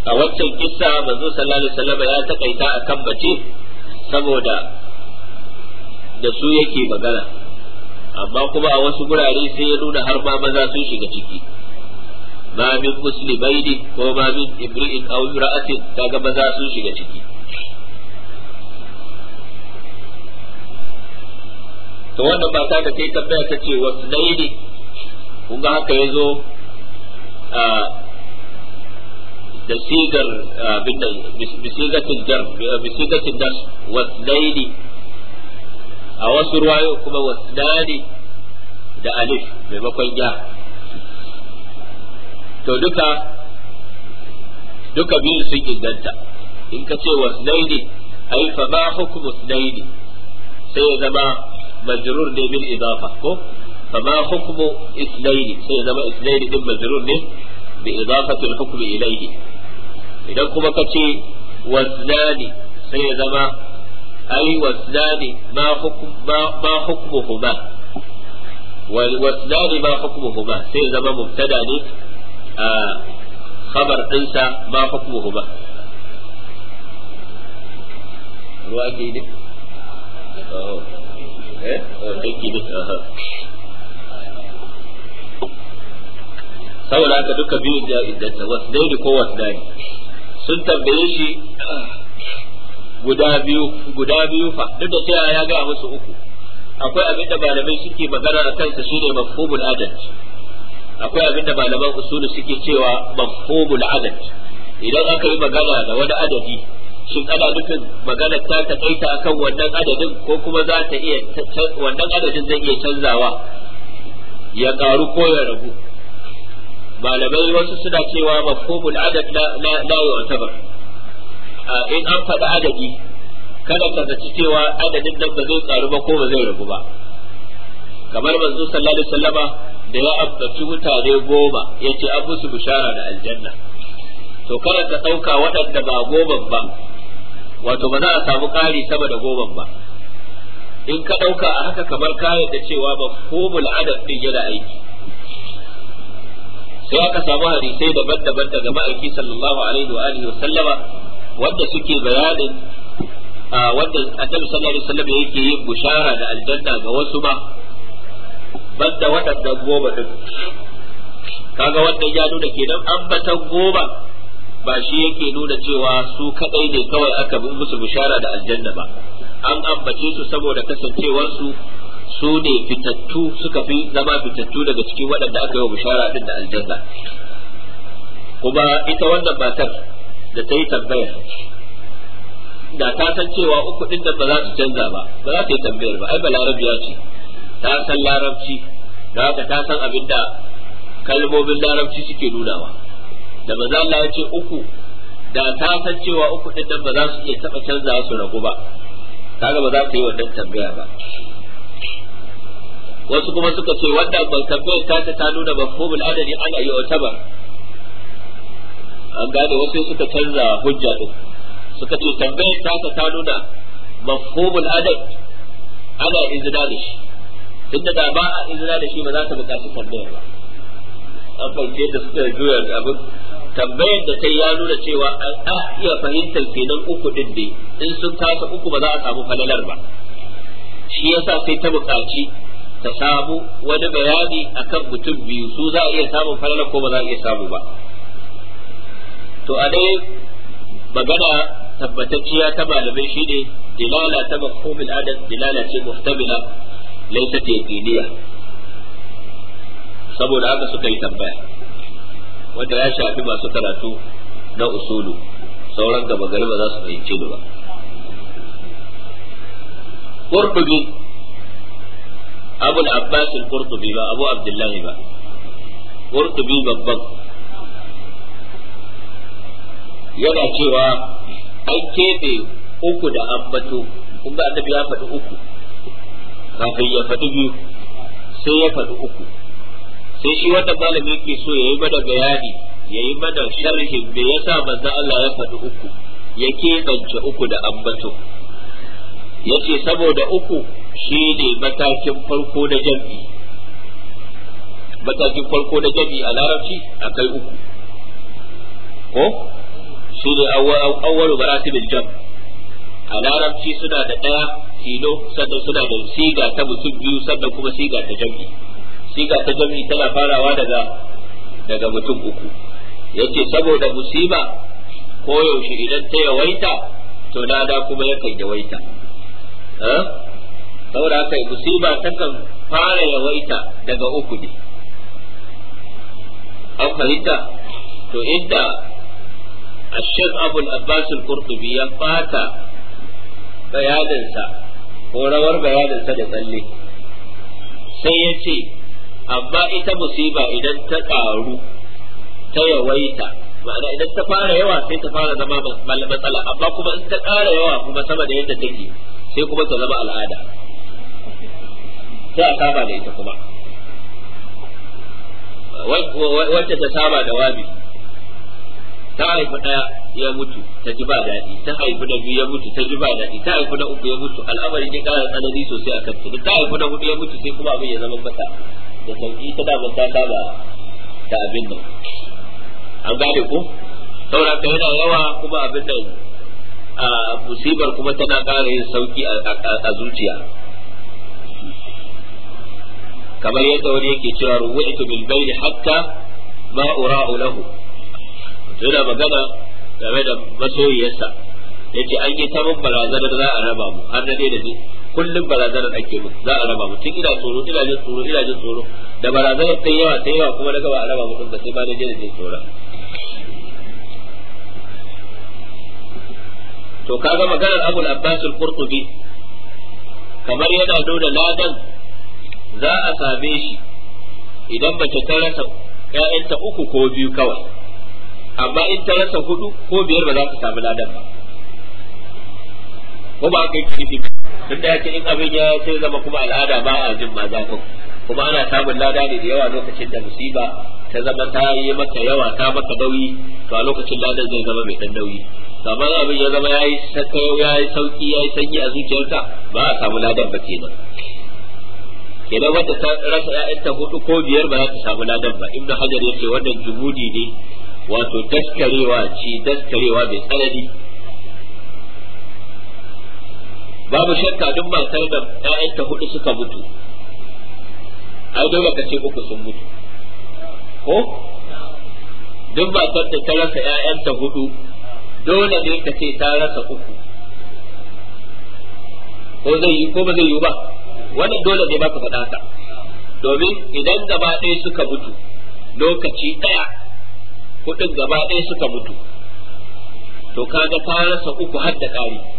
a waccan kissa manzo sallallahu alaihi wasallama ya takaita akan bace saboda da su yake magana amma kuma a wasu gurare sai ya nuna har ma maza sun shiga ciki ma min muslimaini ko Ibrahim min imri'in aw ta kaga maza sun shiga ciki to wannan mata da sai tambaya ta ce wasu dai ne kun ga haka zo da sigar abin da bisigatin jar bisigatin das wasdaini a wasu ruwayo kuma wasdani da alif maimakon ya to duka duka biyu sun inganta in ka ce wasdaini ai fa ba hukum wasdaini sai ya zama majrur ne bil idafa ko fa ma hukmu ithnaini sai zama ithnaini din majrur ne bi idafati al-hukm ilayhi idan kuma kace wasnani sai zama ai wasnani ma hukm ma hukmuhuma wal wasnani ma hukmuhuma sai zama mubtada ne a kabar dinsa ma hukmuhuma ruwa eh, eh daki daki aha saboda haka duka biyu da iddata wasdaini ko wasdani sun tambaye shi guda biyu guda biyu fa duk da cewa ya gaya musu uku akwai abin da malamai suke magana a kansa ne mafhumul adad akwai abin da malaman usulu suke cewa mafhumul adad idan aka yi magana da wani adadi shin ana nufin maganar ta a kan wannan adadin ko kuma za ta iya wannan adadin zai iya canzawa ya karu ko ya ragu malamai wasu suna cewa mafhumul adad la la yu'tabar in an faɗi adadi kada ka zaci cewa adadin nan ba zai karu ba ko ba zai ragu ba kamar manzo sallallahu alaihi wasallama da ya ambaci mutane goma ce an musu bishara da aljanna to kada ka ɗauka waɗanda ba goma ba wato ba za a samu ƙari sama da goban ba in ka ɗauka a haka kamar kayan da cewa mafhumul adad din yana aiki sai aka samu hadisai daban-daban daga ma'aiki sallallahu alaihi wa alihi sallama wanda suke bayanin wanda annabi sallallahu alaihi wasallam yake yin bushara da aljanna ga wasu ba banda waɗannan goma din kaga wannan ya nuna kenan ambatan goma ba shi yake nuna cewa su kadai ne kawai aka bi musu bishara da aljanna ba an ambace su saboda kasancewar su su ne fitattu suka fi zama fitattu daga cikin waɗanda aka yi bishara din da aljanna kuma ita wannan matar da ta yi tambayar da ta san cewa uku din da ba za su canza ba ba za ta yi tambayar ba ai ba larabiya ce ta san larabci da haka ta san abin da kalmomin larabci suke nunawa da manzo Allah ya ce uku da ta san cewa uku din nan ba za su iya taba canza su ragu ba kaga ba za ta yi wannan tambaya ba wasu kuma suka ce wannan ban tambayar ta ta ta nuna mafhumul adadi ana yi wata ba an gane wasu suka canza hujja din suka ce tambayar ta ta ta nuna mafhumul adad ana izina da shi tunda da ba a izina da shi ba za ta buƙaci tambayar ba an fahimce da suka juya abin tambayar da kai ya nuna cewa an iya fahimtar kenan uku din ne in sun kasa uku ba za a samu falalar ba shi yasa sai ta buƙaci ta samu wani bayani akan mutum biyu su za a iya samun falalar ko ba za a iya samu ba to a dai magana tabbatacciya ta malamai ne dilala ta mafhumul adad dilala ce muhtamila laysa yaqiniya saboda haka suka yi tambaya wanda ya shafi masu karatu na usulu sauran gaba gari ba za su fahimci ni ba qurtubi abu abbasin abbas ba abu abdullahi ba qurtubi babban yana cewa an keɓe uku da ambato kuma annabi ya faɗi uku kafin ya faɗi biyu sai ya faɗi uku sai shi wannan malami ke so ya yi bada bayani ya yi bada sharhin me yasa manzo Allah ya faɗi uku ya keɓance uku da ambato ya ce saboda uku shi ne matakin farko na jam'i matakin farko na jam'i a larabci akai uku ko shi ne awwalu maratibul jam a larabci suna da ɗaya tilo sannan suna da siga ta mutum biyu sannan kuma siga ta jami'i siga ta jami tana farawa daga daga mutum uku yace saboda musiba ko yaushe idan ta yawaita to lada kuma yakan yawaita eh? saboda haka musiba takan fara yawaita daga uku ne an fahimta to inda الشيخ أبو العباس القرطبي ya fata bayaninsa ko rawar bayaninsa da tsalle sai ya ce amma ita musiba idan ta ƙaru ta yawaita ma'ana idan ta fara yawa sai ta fara zama matsala amma kuma in ta ƙara yawa kuma sama da yadda take sai kuma ta zama al'ada sai a saba da ita kuma wacce ta saba da wabi ta haifi ɗaya ya mutu ta ji ba daɗi ta haifi na biyu ya mutu ta ji ba daɗi ta haifi na uku ya mutu al'amarin ya ƙara tsanani sosai a kan ta haifi na hudu ya mutu sai kuma abin ya zama fata da sauki ta damar ta saba da abin nan an gane ko saboda ka yana yawa kuma abin nan a musibar kuma tana ƙara yin sauki a zuciya kamar yadda wani yake cewa ruwaitu bil bayni hatta ma ura'u lahu yana magana game da masoyiyarsa yace an yi ta mun barazanar za a raba mu har na dai da kullum barazanar ake mu za a raba mu tun ina tsoro ina jin tsoro ina jin tsoro da barazanar ta yawa ta yawa kuma na gaba a raba mu ba sai ba na je jin je tsoron to kaga maganar abul abbas al-qurtubi kamar yana nuna ladan za a same shi idan mace ta rasa ƴaƴanta uku ko biyu kawai amma in ta rasa hudu ko biyar ba za ta samu ladan ba kuma ba ka yi tun da yake in abin ya sai zama kuma al'ada ba a jin mazafin kuma ana samun lada ne da yawa lokacin da musiba ta zama ta yi maka yawa ta maka nauyi to a lokacin ladan zai zama mai dan nauyi kamar abin ya zama yayi sakayo yayi sauki yayi sanyi a zuciyarka ba a samu ladan ba kenan kenan wanda ta rasa ƴaƴanta hudu ko biyar ba za ta samu ladan ba ibnu hajar yace wannan jumudi ne wato daskarewa ci daskarewa bai tsanani babu shakka duk matar da ƴaƴanta hudu suka mutu ai dole ka ce uku sun mutu ko duk matar da ta rasa ƴaƴanta hudu dole ne ka ce ta rasa uku ko zai yi ko ba zai yi ba wannan dole ne ba ka faɗa ka, domin idan gaba ɗaya suka mutu lokaci ɗaya kuɗin gaba ɗaya suka mutu to kaga ta rasa uku har da ƙari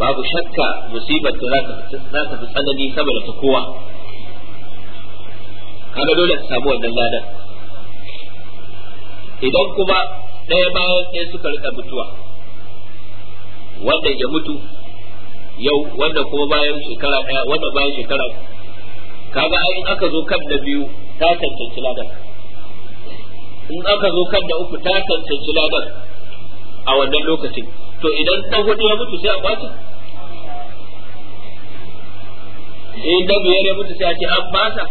babu shakka musibar da za ta fi tsanani sama da ta kowa Kada dole ta samu wannan ladan idan kuma ɗaya bayan ɗaya suka rika mutuwa wanda ya mutu yau wanda kuma bayan shekara ɗaya wanda bayan shekara kaga in aka zo kan da biyu ta cancanci ladan in aka zo kan da uku ta cancanci ladan a wannan lokacin to idan ta hudu ya mutu sai a ɓacin in da ya ya mutu sai a ce an fasa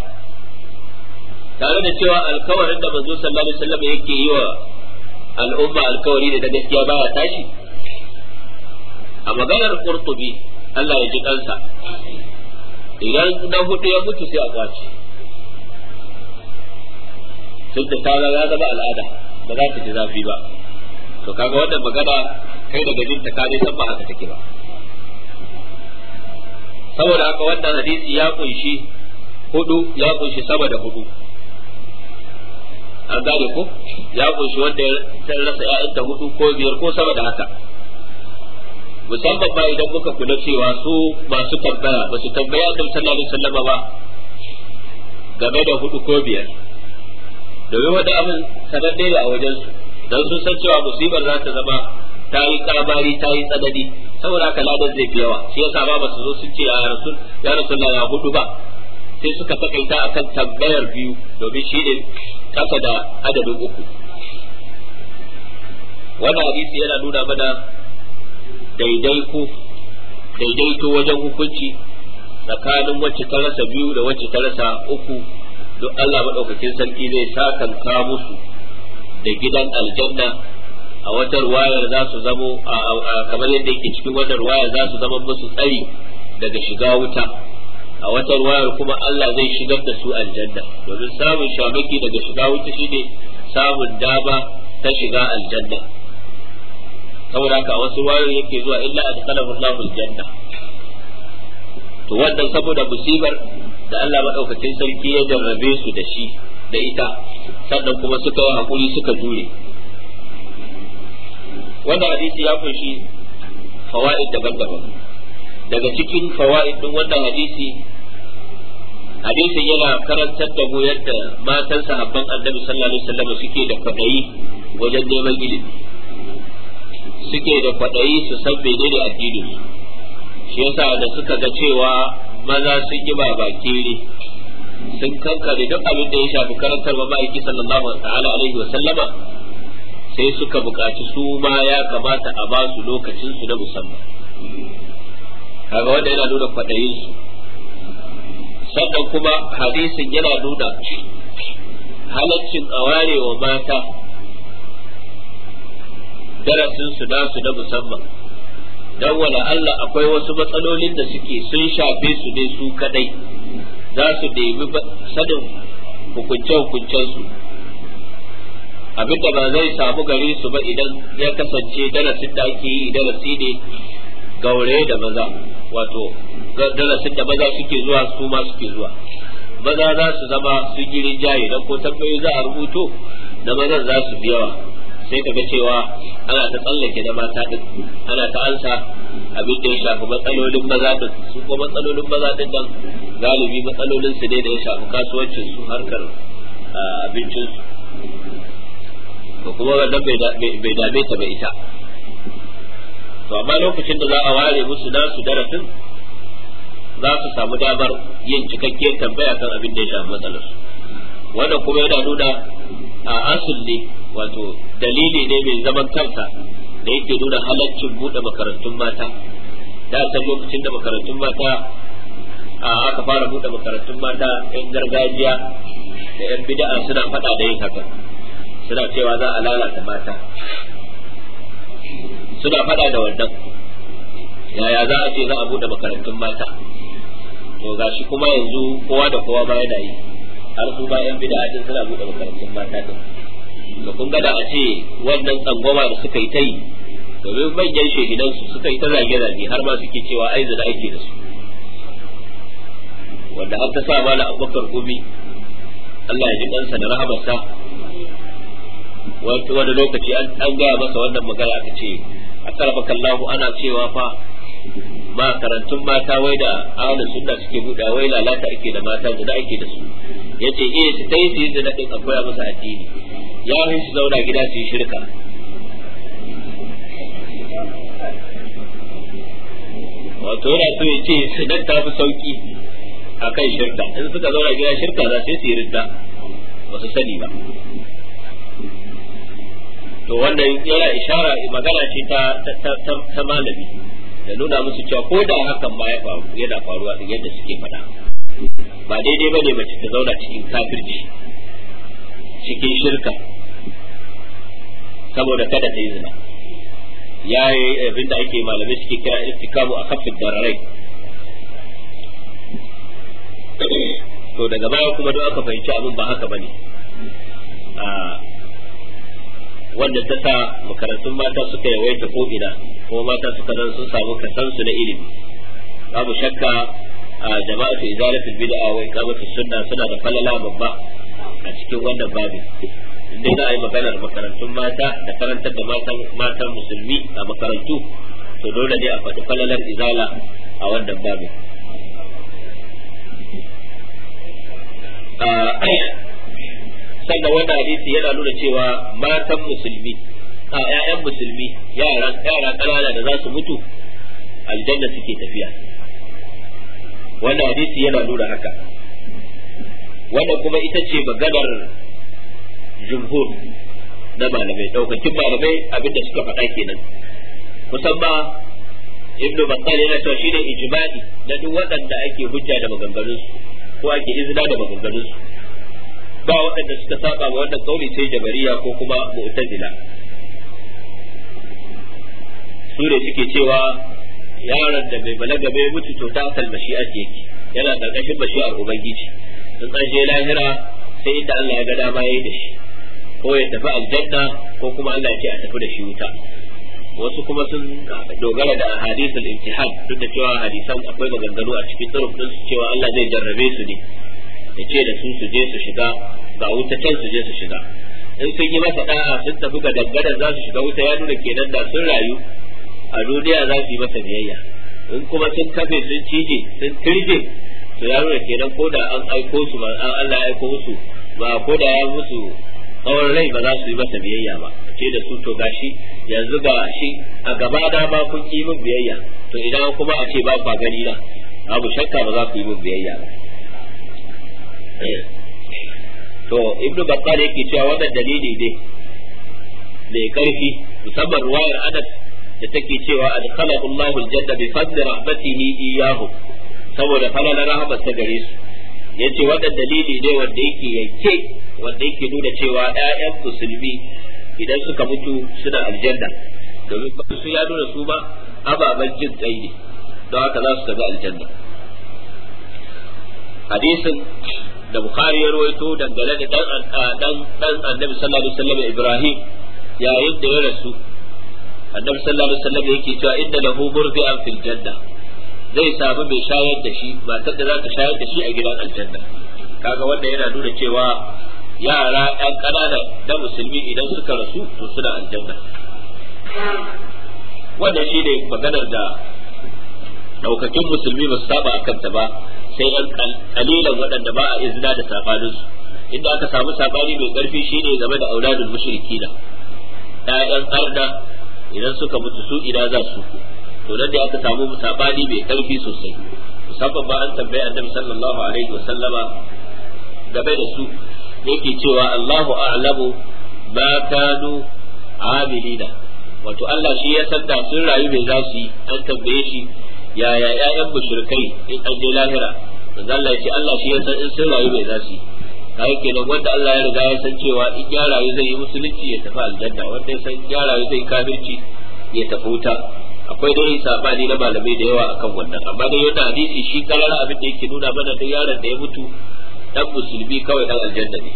tare da cewa alkawarin da manzo sallallahu alaihi wasallam yake yi wa al'umma alkawari da da gaskiya baya tashi a maganar qurtubi Allah ya ji kansa idan na hudu ya mutu sai a kwace sun da ta ya zama al'ada ba za ta ji zafi ba to kaga wannan magana kai daga jin ta kare san ba haka take ba saboda haka wannan hadisi ya kunshi hudu ya kunshi sama da hudu an gane ko ya kunshi wanda ya rasa 'ya'yanta hudu ko biyar ko sama da haka musamman ba idan kuka kula cewa su masu tambaya ba su tambaya da sallallahu alaihi wasallam ba game da hudu ko biyar domin wani abin sananne da a wajensu don sun san cewa musibar za ta zama ta yi kabari ta yi tsadadi saboda haka ladan zai fi yawa shi yasa ba su zo sun ce ya rasul ya ya hudu ba sai suka takaita akan tambayar biyu domin shi ne kasa da adadin uku wannan hadisi yana nuna mana daidaito wajen hukunci tsakanin wacce ta rasa biyu da wacce ta rasa uku duk Allah maɗaukakin sarki zai sakanta musu da gidan aljanna a wata ruwayar za su zamo kamar yadda yake cikin wata ruwayar za su zama musu tsari daga shiga wuta a wata ruwayar kuma Allah zai shigar da su aljanna domin samun shamaki daga shiga wuta shine samun dama ta shiga aljanna saboda haka wasu ruwayar yake zuwa illa a salahu Allahu aljanna to wannan saboda musibar da Allah madaukakin sarki ya jarrabe su da shi da ita sannan kuma suka yi hakuri suka jure Wanda hadisi ya kunshi fawaid daban-daban daga cikin fawaid din wannan hadisi hadisin yana karantar da mu yadda matan sahabban annabi sallallahu alaihi wasallam suke da kwadayi wajen neman ilimi suke da kwadayi su san menene addinin shi yasa da suka ga cewa maza sun yi baki ne sun kankare duk abin da ya shafi karantar ma'aiki sallallahu alaihi wasallama sai suka bukaci su ma ya kamata a ba su lokacin su na musamman kaga wanda yana nuna kwadayin su sannan kuma hadisin yana nuna halaccin a warewa mata darasin su su na musamman don wala Allah akwai wasu matsalolin da suke sun shafe su ne su kadai za su nemi sanin hukunce-hukuncensu abinda ba zai samu gare su ba idan ya kasance darasin da ake yi darasi ne gaure da maza wato darasin da maza suke zuwa su ma suke zuwa maza za su zama sun yi rinjaye don ko tambayoyi za a rubuto na mazan za su biyawa sai ka ga cewa ana ta tsallake da mata din ana ta ansa abin da ya shafi matsalolin maza din su ko matsalolin maza din nan galibi matsalolin su ne da ya shafi kasuwancin su harkar ah, abincin su to kuma wannan bai dame ta bai ita to amma lokacin da za a ware musu nasu darasin za su samu damar yin cikakkiyar tambaya kan abin da ya shafi matsalar wannan kuma yana nuna a asul wato dalili ne mai zaman kansa da yake nuna halaccin buɗe makarantun mata da san lokacin da makarantun mata a aka fara buɗe makarantun mata 'yan gargajiya da 'yan bida'a suna faɗa da yin hakan suna cewa za a lalata mata suna faɗa da wannan yaya za a ce za a buɗe makarantun mata to ga shi kuma yanzu kowa da kowa ma yana yi har su bayan bid'a ajin suna buɗe makarantun mata din to kun ga da a ce wannan tsangwama da suka yi ta yi domin manyan shehidan su suka yi ta zage-zage har ma suke cewa ai zina ake da su wanda an ta sa mala abubakar gumi Allah ya ji kansa da rahamarsa wato wani lokaci an gaya masa wannan magana aka ce a karfakan lahu ana cewa fa ba karantun mata wai da ahalin sunna suke buɗa wai lalata ake da mata guda ake da su yace eh su tai su yi da din akwai masa addini ya hin su zauna gida su yi shirka wato yana so ya ce nan ta fi sauki a kan shirka in suka zauna gida shirka za su yi ridda ba su sani ba to wannan yana ishara magana ce ta ta malami da nuna musu cewa ko da hakan ba ya faru yana faruwa din yadda suke faɗa ba daidai bane mace ta zauna cikin kafirci cikin shirka saboda kada ta yi zina ya yi abinda ake malamai suke kira istikamu a kafin dararai to daga baya kuma duk aka fahimci abin ba haka bane ah, wanda ta sa makarantun mata suka yawaita ko ina kuma mata suka zan sun samu kasansu na ilimi babu shakka a jama'atu izalatul bid'a wa iqamatu sunna suna da falala babba a cikin wannan babin inda za a yi maganar makarantun mata da karantar da matan musulmi a makarantu to dole ne a faɗi falalar izala a wannan babin sannan wannan hadisi yana nuna cewa matan musulmi a ƴaƴan musulmi yara yara ƙanana da za su mutu aljanna suke tafiya wannan hadisi yana nuna haka wannan kuma ita ce maganar jumhur na malamai daukakin malamai abinda suka faɗa kenan kusan ba ibnu battal yana cewa shine ijma'i na duk waɗanda ake hujja da maganganun su ko ake izina da maganganun su ba waɗanda suka saba ba wannan kauli sai jabariya ko kuma mu'tazila su ne suke cewa yaron da bai balaga bai mutu to ta akal mashi'at yake yana karkashin mashi'ar ubangiji in an je lahira sai inda Allah ya ga dama yayi da shi ko ya tafi aljanna ko kuma Allah ya ce a tafi da shi wuta wasu kuma sun dogara da hadisul imtihan duk da cewa hadisan akwai maganganu a cikin turuf din su cewa Allah zai jarrabe su ne ya ce da su su je su shiga ba wuta can su je su shiga in sun yi masa da'a sun tafi ga dangaren za su shiga wuta ya nuna kenan da sun rayu a duniya za su yi masa biyayya in kuma sun kafe sun cije sun turje to ya nuna kenan ko da an aiko su an Allah ya aiko su ba ko da ya musu tsawon rai ba za su yi masa biyayya ba ce da su to gashi yanzu ga shi a gaba na ba kun yi min biyayya to idan kuma a ce ba kwa gani na abu shakka ba za ku yi min biyayya ba eh. to ibnu battal yake cewa wannan dalili ne mai karfi musamman ruwayar anas da take cewa adkhalahu Allahu aljanna bi fadli rahmatihi iyyahu saboda falalar rahmat ta gare su yace wannan dalili ne wanda yake yanke wanda yake nuna cewa ƴaƴan musulmi idan suka mutu suna aljanna domin ba su ya nuna su ba ababen jin kai ne don haka za su tafi aljanna hadisin da bukhari ya rawaito dangane da dan dan annabi sallallahu alaihi wasallam ibrahim yayin da ya rasu annabi sallallahu alaihi wasallam yake cewa inda lahu burdi'an fil janna zai samu mai shayar da shi matar da za ta shayar da shi a gidan aljanna kaga wanda yana nuna cewa yara ɗan ƙanana da musulmi idan suka rasu to suna aljanna wannan shi ne maganar da daukakin musulmi ba su saba a kanta ba sai yan kalilan waɗanda ba a izina da sabaninsu inda aka samu sabani mai ƙarfi shine game da auladul da ƴaƴan arda idan suka mutu su ina za su to nan da aka samu sabani mai ƙarfi sosai musamman ba an tambayi annabi sallallahu alaihi wa sallama game da su yake cewa Allahu a'lamu ma kanu amilina wato Allah shi ya san da sun rayu mai za su yi an tambaye shi yaya 'ya'yan mushrikai in an je lahira manzo Allah Allah shi ya san in sun rayu bai zasu su yi wanda Allah ya riga ya san cewa in ya rayu zai yi musulunci ya tafi aljanna wanda ya san ya rayu zai kafirci ya tafi wuta akwai dai sabani na malamai da yawa akan wannan amma dai wannan hadisi shi karara abin da yake nuna mana da yaron da ya mutu dan musulmi kawai dan aljanna ne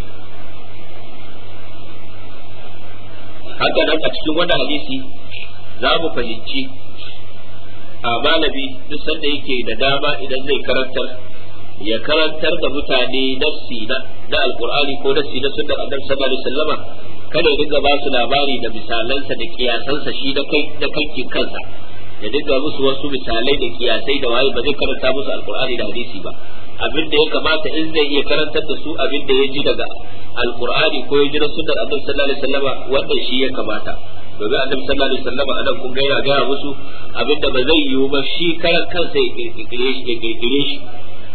haka nan a cikin wannan hadisi za mu fahimci a malami duk sanda yake da dama idan zai karantar ya karantar da mutane nafsi na alkur'ani ko nafsi na sunnar annabi sallallahu alaihi wasallama kada ya dinga ba su labari da misalansa da kiyasansa shi da kai da kankin kansa ya dinga musu wasu misalai da kiyasai da waye ba zai karanta musu alkur'ani da hadisi ba abin da ya kamata in zai iya karantar da su abin da ya ji daga alkur'ani ko ya ji da sunnar annabi sallallahu alaihi wasallama wannan shi ya kamata domin annabi sallallahu alaihi wasallam a kun ga gaya musu da ba zai yiwu ba shi karan kansa ya kirkire shi ya kirkire shi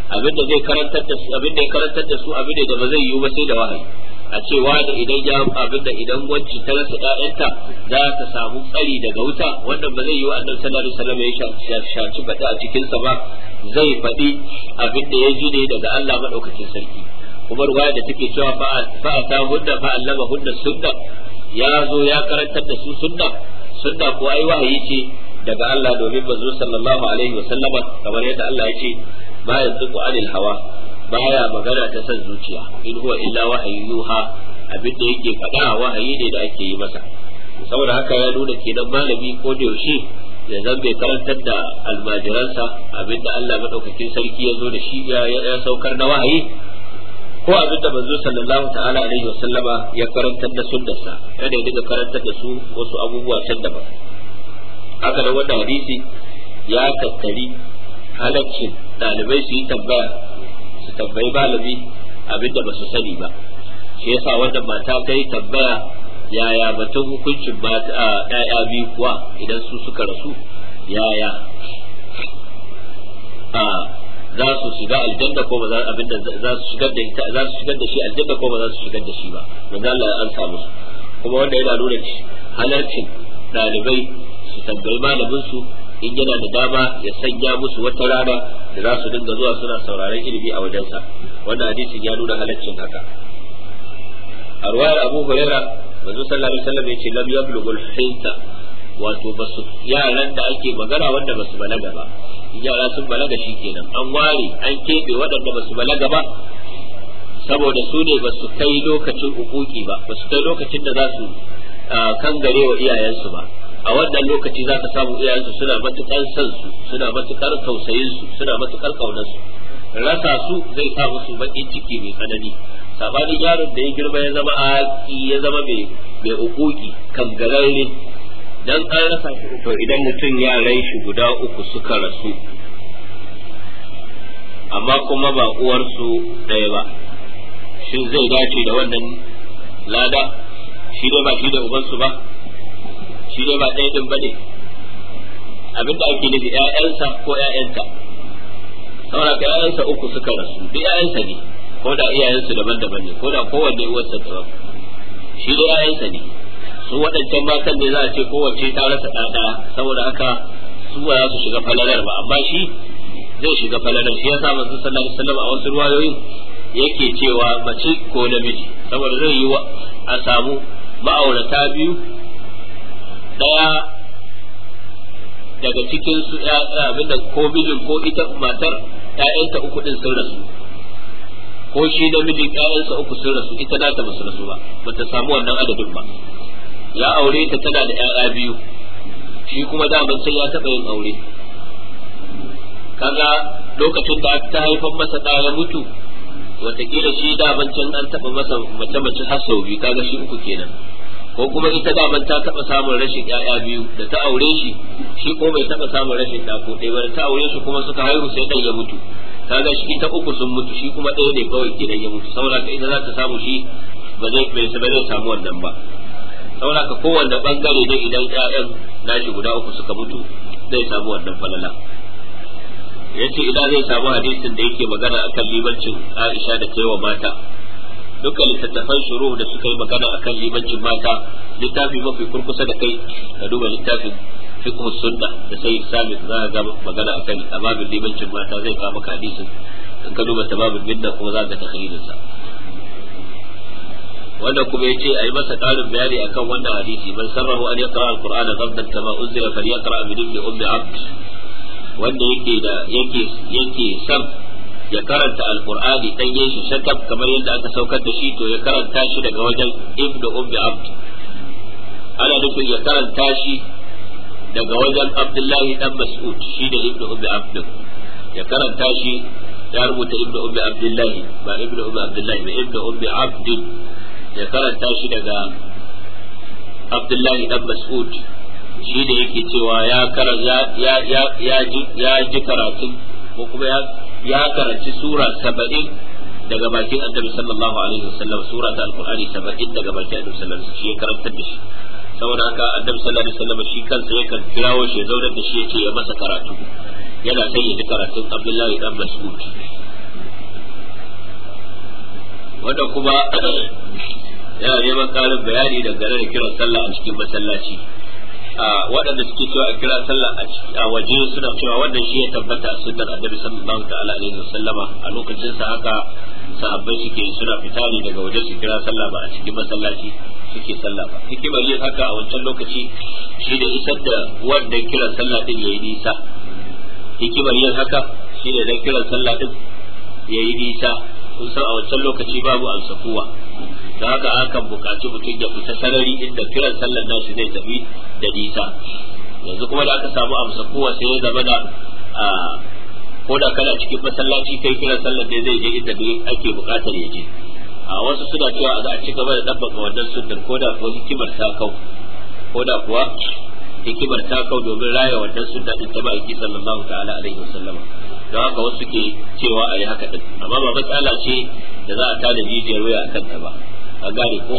abinda zai karantar da su abinda ya karantar da su abinda da ba zai yiwu ba sai da wahayi a ce wani idan ya abinda idan wacce ta rasa ƴaƴanta za ta samu tsari daga wuta wannan ba zai yi wa annan sallallahu alaihi wasallam ya shaci bata a cikin sa ba zai faɗi abinda ya ji ne daga Allah madaukakin sarki kuma ruwaya da take cewa fa ta hudda fa allama hudda sunna ya zo ya karantar da su sunna sunna ko ai wahayi ce daga Allah domin manzo sallallahu alaihi wasallama kamar yadda Allah ya ce ma yantiqu anil hawa baya magana ta san zuciya in huwa illa wahayi yuha abin da yake faɗa wahayi ne da ake yi masa saboda haka ya nuna kenan malami ko da yaushe da zan bai karantar da almajiransa abin da Allah maɗaukakin sarki ya zo da shi ya saukar na wahayi ko abin da manzo sallallahu ta'ala alaihi wa sallama ya karantar da sunnarsa kada ya dinga karantar da su wasu abubuwa can daban haka da wannan hadisi ya tattari halaccin ɗalibai su yi tambaya su tambayi malami abin da ba su sani ba shi yasa wannan mata ta yi tambaya yaya batun hukuncin ɗaya biyu kuwa idan su suka rasu yaya za su shiga aljanna ko ba abinda za su shigar da ita za su shigar da shi aljanna ko ba za su shigar da shi ba manzo Allah an samu su kuma wanda yana nuna halarcin ɗalibai su tambayi malamin su in yana da dama ya sanya musu wata rana da za su dinga zuwa suna sauraron ilimi a wajensa wanda hadisin ya nuna halaccin haka a ruwayar abu huraira manzo sallallahu alaihi wasallam yace lam yablughul hinta wato basu yaran da ake magana wanda basu balaga ba yara sun balaga shikenan an ware an kebe waɗanda basu balaga ba saboda su ne basu kai lokacin ukuki ba basu kai lokacin da za su ah, kangarewa iyayensu ba a wannan lokaci za ka samu iyayensu suna matukar son su suna matukar tausayin su suna matukar kaunar rasa su zai sa musu baƙin ciki mai tsanani sabanin yaron da ya girma ya zama aki ya zama mai mai kan kangararre dan an rasa shi to idan mutum ya yaran shi guda uku suka rasu amma kuma ba uwarsu ɗaya ba shin zai dace da wannan lada shi dai ba shi da ubansu ba shi ne ba ɗaya ɗin ba ne abinda ake nufi ƴaƴansa ko ƴaƴanta saboda ka ƴaƴansa uku suka rasu duk ƴaƴansa ne ko da iyayensu daban-daban ne ko da kowanne uwarsa daban shi ne ƴaƴansa ne su waɗancan matan ne za a ce kowace ta rasa ɗaɗa saboda haka su ba za su shiga falalar ba amma shi zai shiga falalar shi ya sa sallallahu alaihi wasallam a wasu ruwayoyin yake cewa mace ko namiji saboda zai yi a samu ma'aurata biyu daya daga cikin su abinda ko bijin ko ita matar ƴaƴanta uku din sun rasu ko shi da namijin ƴaƴansa uku sun rasu ita da ta musu rasu ba bata samu wannan adadin ba ya aure ta tana da ƴaƴa biyu shi kuma daman sai ya taɓa yin aure kaga lokacin da ta haifar masa da ya mutu wataƙila shi da can an taɓa masa mace-mace har sau biyu kaga shi uku kenan ko kuma ita daman ta taba samun rashin 'ya'ya biyu da ta aure shi shi ko bai taba samun rashin ta ko ɗaya ba da ta aure shi kuma suka haihu sai ɗan ya mutu kaga shi ta uku sun mutu shi kuma ɗaya ne kawai gidan ya mutu saboda ka ita za ta samu shi ba zai ba zai samu wannan ba saboda ka kowanne bangare ne idan 'ya'yan nashi guda uku suka mutu zai samu wannan falala yace idan zai samu hadisin da yake magana akan libancin Aisha da cewa mata duka littattafan shuru da suka yi magana akan libancin mata littafi mafi kurkusa da kai da duba littafin fiqh sunna da sai sami za ga magana akan ababin libancin mata zai ka maka hadisin in ka duba tababul bidda kuma za ka takhrijin sa wanda kuma ya ce a yi masa ƙarin bayani akan wannan hadisi man sarrahu an yaqra al-qur'ana ghadan kama unzila falyaqra bi ibn ummi abd wanda yake da yake yake san ya karanta alqur'ani dan yin shi shakab kamar yadda aka saukar da shi to ya karanta shi daga wajen ibnu ummi abd ana nufin ya karanta shi daga wajen abdullahi dan mas'ud shi da ibnu ummi abd ya karanta shi ya rubuta ibnu ummi abdullahi ba ibnu ummi abdullahi ba ibnu ummi abd ya karanta shi daga abdullahi dan mas'ud shi da yake cewa ya ya ya ya ji karatun ko kuma ya ya karanci sura saba'in daga bakin annabi sallallahu alaihi wasallam sura ta alqur'ani saba'in daga bakin annabi sallallahu alaihi wasallam shi ya karantar da shi saboda haka annabi sallallahu alaihi wasallam shi kansa ya kan kirawo shi ya zaunar da shi ya ce ya masa karatu yana son ya ji karatun abdullahi dan mas'ud wanda kuma yana neman karin bayani dangane da kiran sallah a cikin masallaci waɗanda suke cewa a kira sallah a waje suna cewa wannan shi ya tabbata sunnar annabi sallallahu ta'ala alaihi wasallama a lokacin sa haka sahabbai suke suna fita ne daga waje su kira sallah ba a cikin masallaci suke sallah ba hikimar bari haka a wancan lokaci shi da isar da wanda kira sallah din yayi nisa hikimar bari haka shi da kira sallah din yayi nisa kun san a wancan lokaci babu amsakuwa da haka akan bukaci mutum ya fita sarari inda kiran sallar nashi zai tafi da nisa yanzu kuma da aka samu amsa kowa sai ya zama da ko da kana cikin masallaci kai kiran sallar ne zai je inda duk ake bukatar ya je a wasu suna cewa a ci gaba da dabbaka wannan sunnar ko da kuwa hikimar ta kau ko da kuwa hikimar ta kau domin raya wannan sunan din ta baki sallallahu ta'ala alaihi wasallam don haka wasu ke cewa a yi haka din amma ba matsala ce da za a tada jijiyar waya a kanta ba an gane ko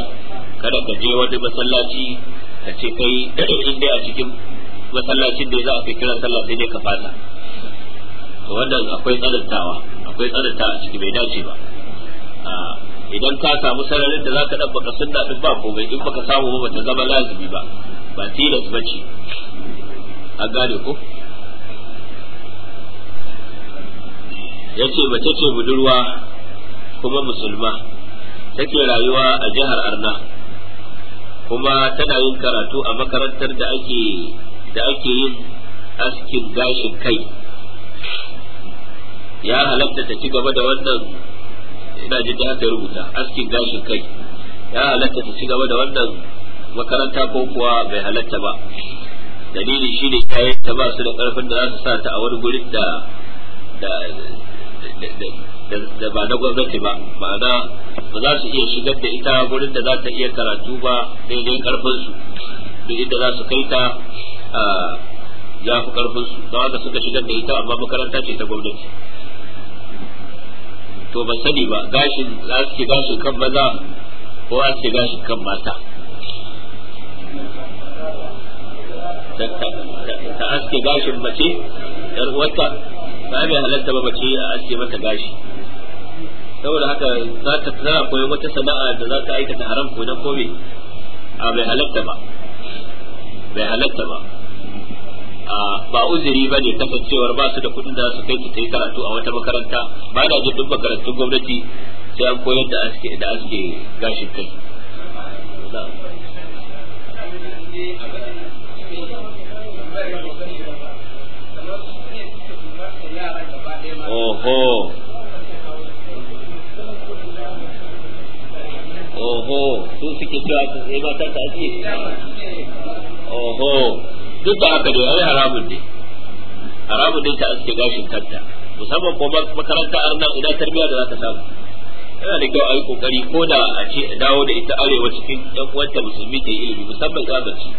kada ka je wani masallaci ka ce kai in dai a cikin masallacin da za a kai kiran sallah sai dai ka fata to wannan akwai tsanantawa akwai tsananta a ciki bai dace ba idan ka samu sararin da ka dan baka sunna din ba komai in baka samu ba ta zama lazimi ba ba tilas ce an gane ko yace mace ce budurwa kuma musulma take rayuwa a jihar Arna kuma tana yin karatu a makarantar da ake da ake yin askin gashin kai ya halatta ta ci gaba da wannan ina ji ta haka rubuta askin gashin kai ya halatta ta ci gaba da wannan makaranta ko kuwa bai halatta ba dalili shi ne kayan ta ba su da karfin da za su sa ta a wani gurin da da ba na gwamnati ba ma'ana ba za su iya shigar da ita gurin da za ta iya karatu ba daidai karfinsu duk inda za su kai ta ya fi karfinsu don haka suka shigar da ita amma makaranta ce ta gwamnati to ba sani ba gashin ke gashin kan maza ko ke gashin kan mata ta aske gashin mace yar uwarta ba mai halatta ba mace a aske mata gashi saboda haka za ta tana koyi wata sana'a da za ta aikata haram ko na kome a bai halatta ba bai halatta ba ba uzuri ba ne kasancewar ba su da kuɗin da su kai ta yi karatu a wata makaranta ba da jin duk makarantun gwamnati sai an koyar da aske da aske gashin kai oh su suke cewa su sai mata ta ake oho duk da haka dai ai haramun ne haramun ne ta aske gashin kanta musamman ko makaranta arna ina tarbiyya da za ta samu yana da kyau a yi kokari ko da a ce dawo da ita arewa cikin yan uwanta musulmi ta yi ilimi musamman ya mace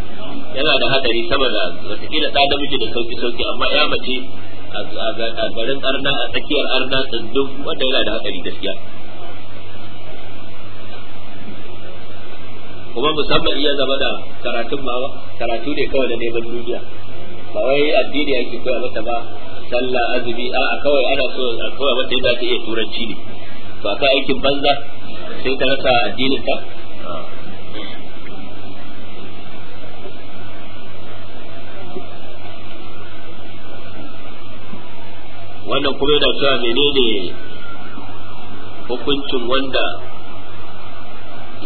yana da hadari sama da wataƙila ɗa miji da sauƙi-sauƙi amma ya mace a garin arna a tsakiyar arna tsundum wanda yana da hadari gaskiya kuma musamman iya zama da karatun ma karatu ne kawai da neman duniya ba wai addini ake koya mata ba sallah azumi a'a kawai ana so a koya mata yadda ta iya turanci ne ba ka aikin banza sai ta rasa addinin ta wannan kuma yana cewa menene hukuncin wanda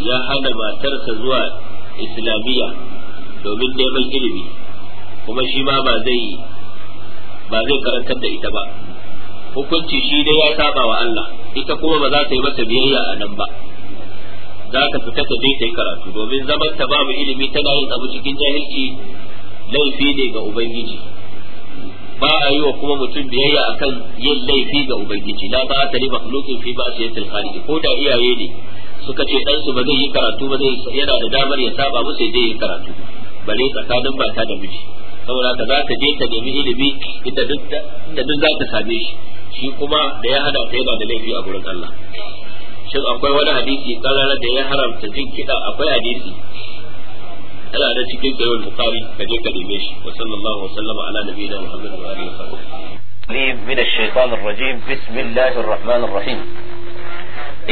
ya hana matarsa zuwa islamiyya domin neman ilimi kuma shi ma ba zai ba zai karantar da ita ba hukunci shi dai ya saba wa Allah ita kuma ba za ta yi masa biyayya a nan ba za ta fita ta je ta yi karatu domin zaman ta babu ilimi tana yin abu cikin jahilci laifi ne ga ubangiji ba a yi wa kuma mutum biyayya akan yin laifi ga ubangiji la ba ta li makhluqin fi ba'siyatil khaliq ko da iyaye ne suka ce dan ba zai yi karatu ba zai yana da damar ya saba musu sai zai yi karatu bare tsakanin mata da miji saboda ka za ta je ta nemi ilimi inda duk za ta same shi shi kuma da ya hada ta yana da laifi a gurin Allah shin akwai wani hadisi kalala da ya haramta jin kiɗa akwai hadisi yana da cikin sayyid bukhari ka je ka dame shi wa sallallahu wa sallama ala nabiyina muhammad wa alihi wa sahbihi من الشيطان الرجيم بسم الله الرحمن الرحيم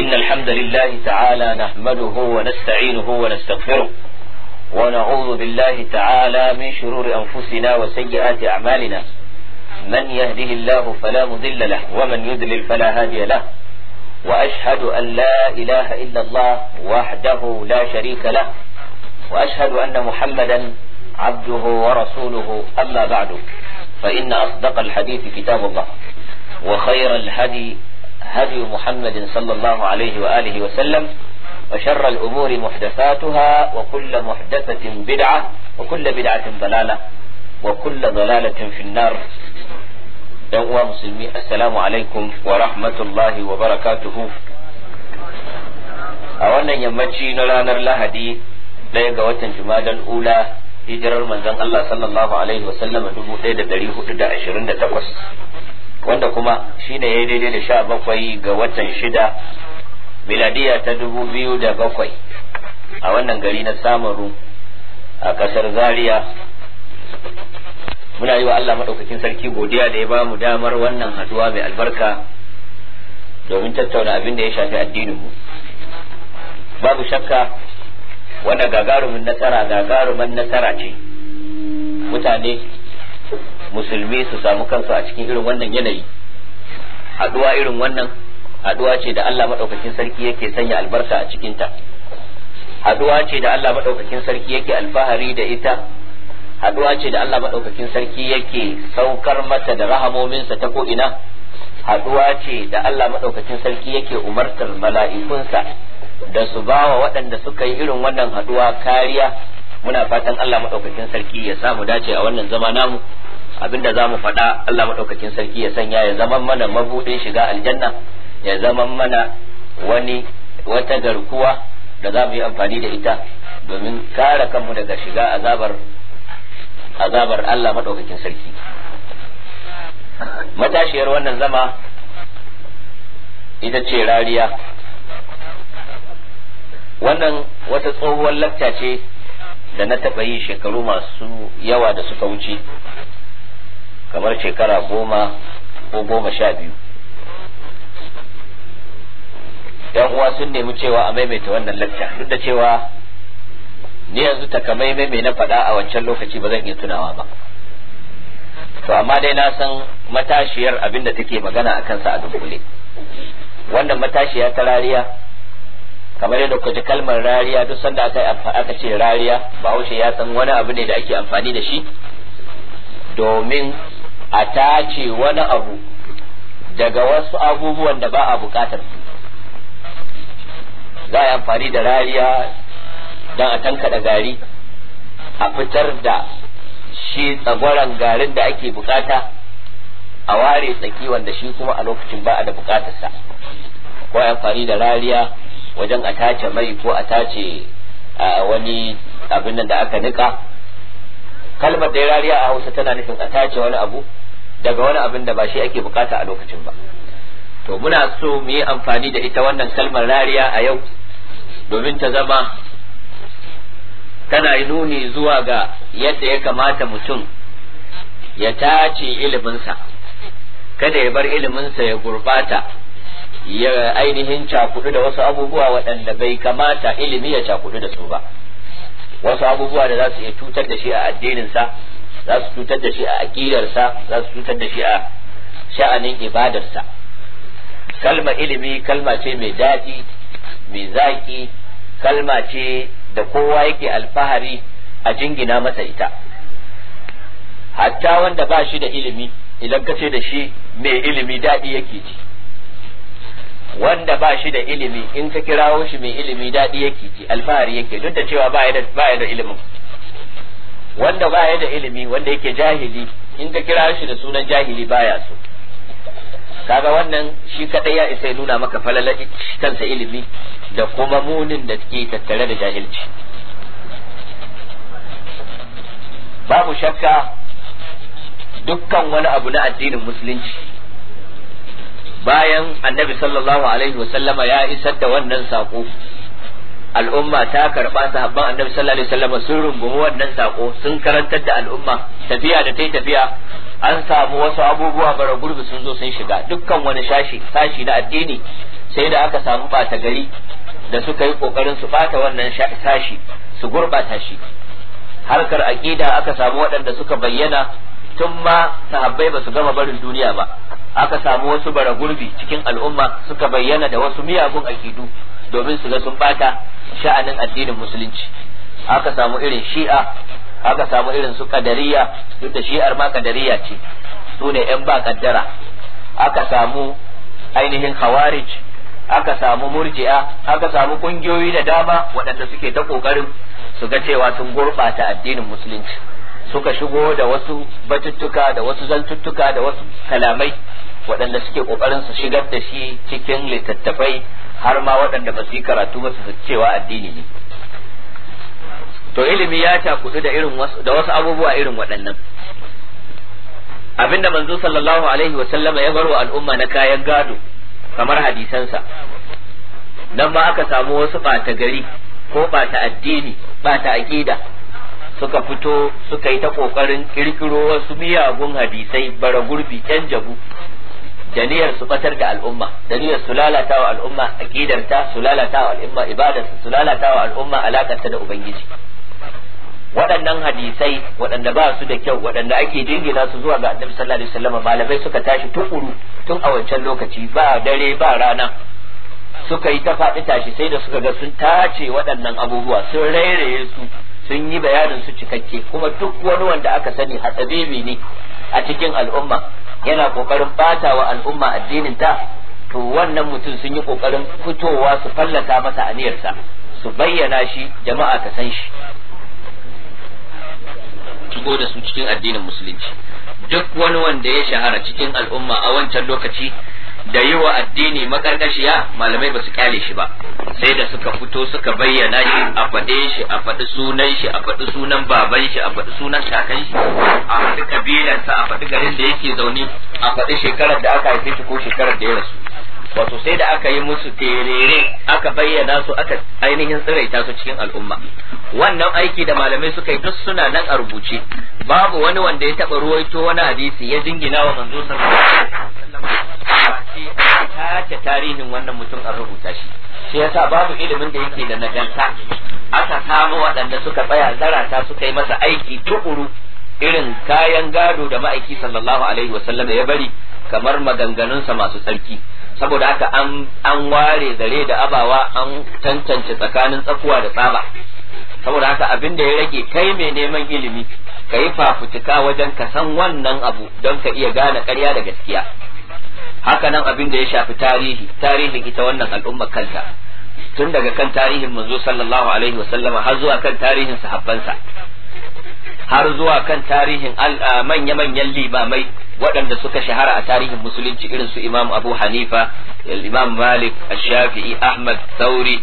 إن الحمد لله تعالى نحمده ونستعينه ونستغفره ونعوذ بالله تعالى من شرور أنفسنا وسيئات أعمالنا من يهده الله فلا مضل له ومن يضلل فلا هادي له وأشهد أن لا إله إلا الله وحده لا شريك له وأشهد أن محمدا عبده ورسوله أما بعد فإن أصدق الحديث كتاب الله وخير الهدي هدي محمد صلى الله عليه وآله وسلم وشر الأمور محدثاتها وكل محدثة بدعة وكل بدعة ضلالة وكل ضلالة في النار يوم مسلمي السلام عليكم ورحمة الله وبركاته أولا نرى نرانر هدي ɗaya ga watan jumadal ula hijirar manzon Allah sallallahu alaihi wa da 1428 wanda kuma shine yayi daidai da sha bakwai ga watan shida miladiya ta dubu biyu da bakwai a wannan gari na samaru a kasar zaria muna yi wa Allah maɗaukakin sarki godiya da ya ba mu damar wannan haduwa mai albarka domin tattauna abin da ya shafi addininmu babu shakka wannan gagarumin nasara gagarumin nasara ce mutane musulmi su samu kansu a cikin irin wannan yanayi haduwa irin wannan haduwa ce da Allah madaukakin sarki yake sanya albarka a cikinta haduwa ce da Allah madaukakin sarki yake alfahari da ita haduwa ce da Allah madaukakin sarki yake saukar mata da rahamominsa ta ko ina haduwa ce da Allah madaukakin sarki yake umartar mala'ikunsa da su ba wa waɗanda suka yi irin wannan haɗuwa kariya muna fatan Allah maɗaukakin sarki ya samu dace a wannan zama namu abinda za mu faɗa Allah maɗaukakin sarki ya sanya ya zama mana mabuɗin shiga aljanna ya zama mana wani wata garkuwa da za mu yi amfani da ita domin kare kanmu daga shiga azabar azabar Allah maɗaukakin sarki matashiyar wannan zama ita ce rariya wannan wata tsohuwar lacca ce da na taɓa yi shekaru masu yawa da suka wuce kamar shekara goma ko goma sha biyu yan uwa sun nemi cewa a maimaita wannan lacca duk da cewa ni yanzu takamaimai mai na faɗa a wancan lokaci ba zan iya tunawa ba to amma dai na san matashiyar abinda take magana a kansa a dunkule wannan matashiya ta rariya kamar yadda kuka ji kalmar rariya duk sanda aka aka ce rariya bahaushe ya san wani abu ne da ake amfani da shi domin a tace wani abu daga wasu abubuwan da ba a bukatar su za a yi amfani da rariya don a tanka da gari a fitar da shi tsagwaron garin da ake bukata a ware tsaki wanda shi kuma a lokacin ba a da bukatarsa ko amfani da rariya wajen a tace mai ko a tace wani abin da aka nika kalmar da rariya a hausa tana nufin a tace wani abu daga wani abin da ba shi ake bukata a lokacin ba to muna so mu yi amfani da ita wannan kalmar rariya a yau domin ta zama tana nuni zuwa ga yadda ya kamata mutum ya tace iliminsa kada ya bar iliminsa ya gurbata ya ainihin cakudu da wasu abubuwa waɗanda bai kamata ilimi ya cakudu da su ba wasu abubuwa da za su iya cutar da shi a addininsa za su cutar da shi a aƙidarsa za su cutar da shi a sha'anin ibadarsa kalma ilimi kalma ce mai daɗi mai zaƙi kalma ce da kowa yake alfahari a jingina masa ita hatta wanda ba shi da ilimi idan ka ce da shi mai ilimi daɗi yake ji wanda ba shi da ilimi in ka kirawo shi mai ilimi daɗi yake ji alfahari yake duk da cewa ba ya da ilimin wanda ba ya da ilimi wanda yake jahili in ka kira shi da sunan jahili baya so kaga wannan shi kadai ya isa ya nuna maka falalar kansa ilimi da kuma munin da ke tattare da jahilci babu shakka dukkan wani abu na addinin musulunci bayan annabi sallallahu alaihi wasallama ya isar da wannan sako al'umma ta karba sahabban annabi sallallahu alaihi wasallama sun rungumi wannan sako sun karantar da al'umma tafiya da ta tafiya an samu wasu abubuwa bara gurbi sun zo sun shiga dukkan wani shashi sashi na addini sai da aka samu bata gari da suka yi kokarin su bata wannan sashi su gurbata shi harkar aqida aka samu waɗanda suka bayyana tun ma sahabbai ba su gama barin duniya ba aka samu wasu bara gurbi cikin al'umma suka bayyana da wasu miyagun akidu domin su ga sun bata sha'anin addinin musulunci aka samu irin shi'a aka samu irin su kadariya duk da shi'ar ma kadariya ce su ne yan ba kaddara aka samu ainihin khawarij aka samu murji'a aka samu kungiyoyi da dama waɗanda suke ta kokarin su ga cewa sun gurɓata addinin musulunci suka shigo da wasu batuttuka da wasu zantuttuka da wasu kalamai waɗanda suke ƙoƙarin su shigar da shi cikin littattafai har ma waɗanda ba su yi karatu ba su cewa addini ne to ilimi ya cakudu da irin wasu da wasu abubuwa irin waɗannan abinda manzo sallallahu alaihi wa sallama ya barwa al'umma na kayan gado kamar hadisansa nan ma aka samu wasu ɓata gari ko ɓata addini ɓata aƙida suka fito suka yi ta ƙoƙarin ƙirƙiro wasu miyagun hadisai bara gurbi can jabu da niyyar su batar da al'umma da niyyar su lalata wa al'umma aqidarta su lalata wa al'umma ibadarsa su lalata wa al'umma alakarta da ubangiji waɗannan hadisai waɗanda ba su da kyau waɗanda ake dingina su zuwa ga annabi sallallahu alaihi wasallam malamai suka tashi tukuru tun a wancan lokaci ba dare ba rana suka yi ta faɗi tashi sai da suka ga sun tace waɗannan abubuwa sun rairaye su sun yi bayanin su cikakke kuma duk wani wanda aka sani hatsabibi ne a cikin al'umma yana kokarin bata wa al'umma addinin ta to wannan mutum sun yi kokarin fitowa su fallata masa aniyarsa su bayyana shi jama'a ta san shi shigo da su cikin addinin musulunci duk wani wanda ya shahara cikin al'umma a wancan lokaci da yi wa addini makarkashiya malamai ba su kyale shi ba sai da suka fito suka bayyana shi a faɗe shi a faɗi sunan shi a faɗi sunan baban shi a faɗi sunan kakan shi a faɗi kabilansa a faɗi garin da yake zaune a faɗi shekarar da aka haife shi ko shekarar da ya rasu wato sai da aka yi musu terere aka bayyana su aka ainihin tsiraita su cikin al'umma wannan aiki da malamai suka yi duk suna nan a rubuce babu wani wanda ya taba ruwaito wani hadisi ya jingina wa manzo sallallahu tarihin wannan mutum a rubuta shi shi yasa babu ilimin da yake da naganta aka samu waɗanda suka tsaya zarata suka yi masa aiki tuƙuru. irin kayan gado da ma'aiki sallallahu alaihi wasallam ya bari kamar maganganunsa masu tsarki saboda haka an ware zare da abawa an tantance tsakanin tsakuwa da tsaba saboda haka abin da ya rage kai mai neman ilimi ka yi fafutuka wajen ka san wannan abu don ka iya gane karya da gaskiya haka nan abin da ya shafi tarihi tarihin ita wannan al'umma kanta tun daga kan tarihin manzo sallallahu alaihi wa har zuwa kan tarihin sahabbansa har zuwa kan tarihin manya-manyan limamai waɗanda suka shahara a tarihin musulunci irin su imam abu hanifa imam malik shafi'i ahmad sauri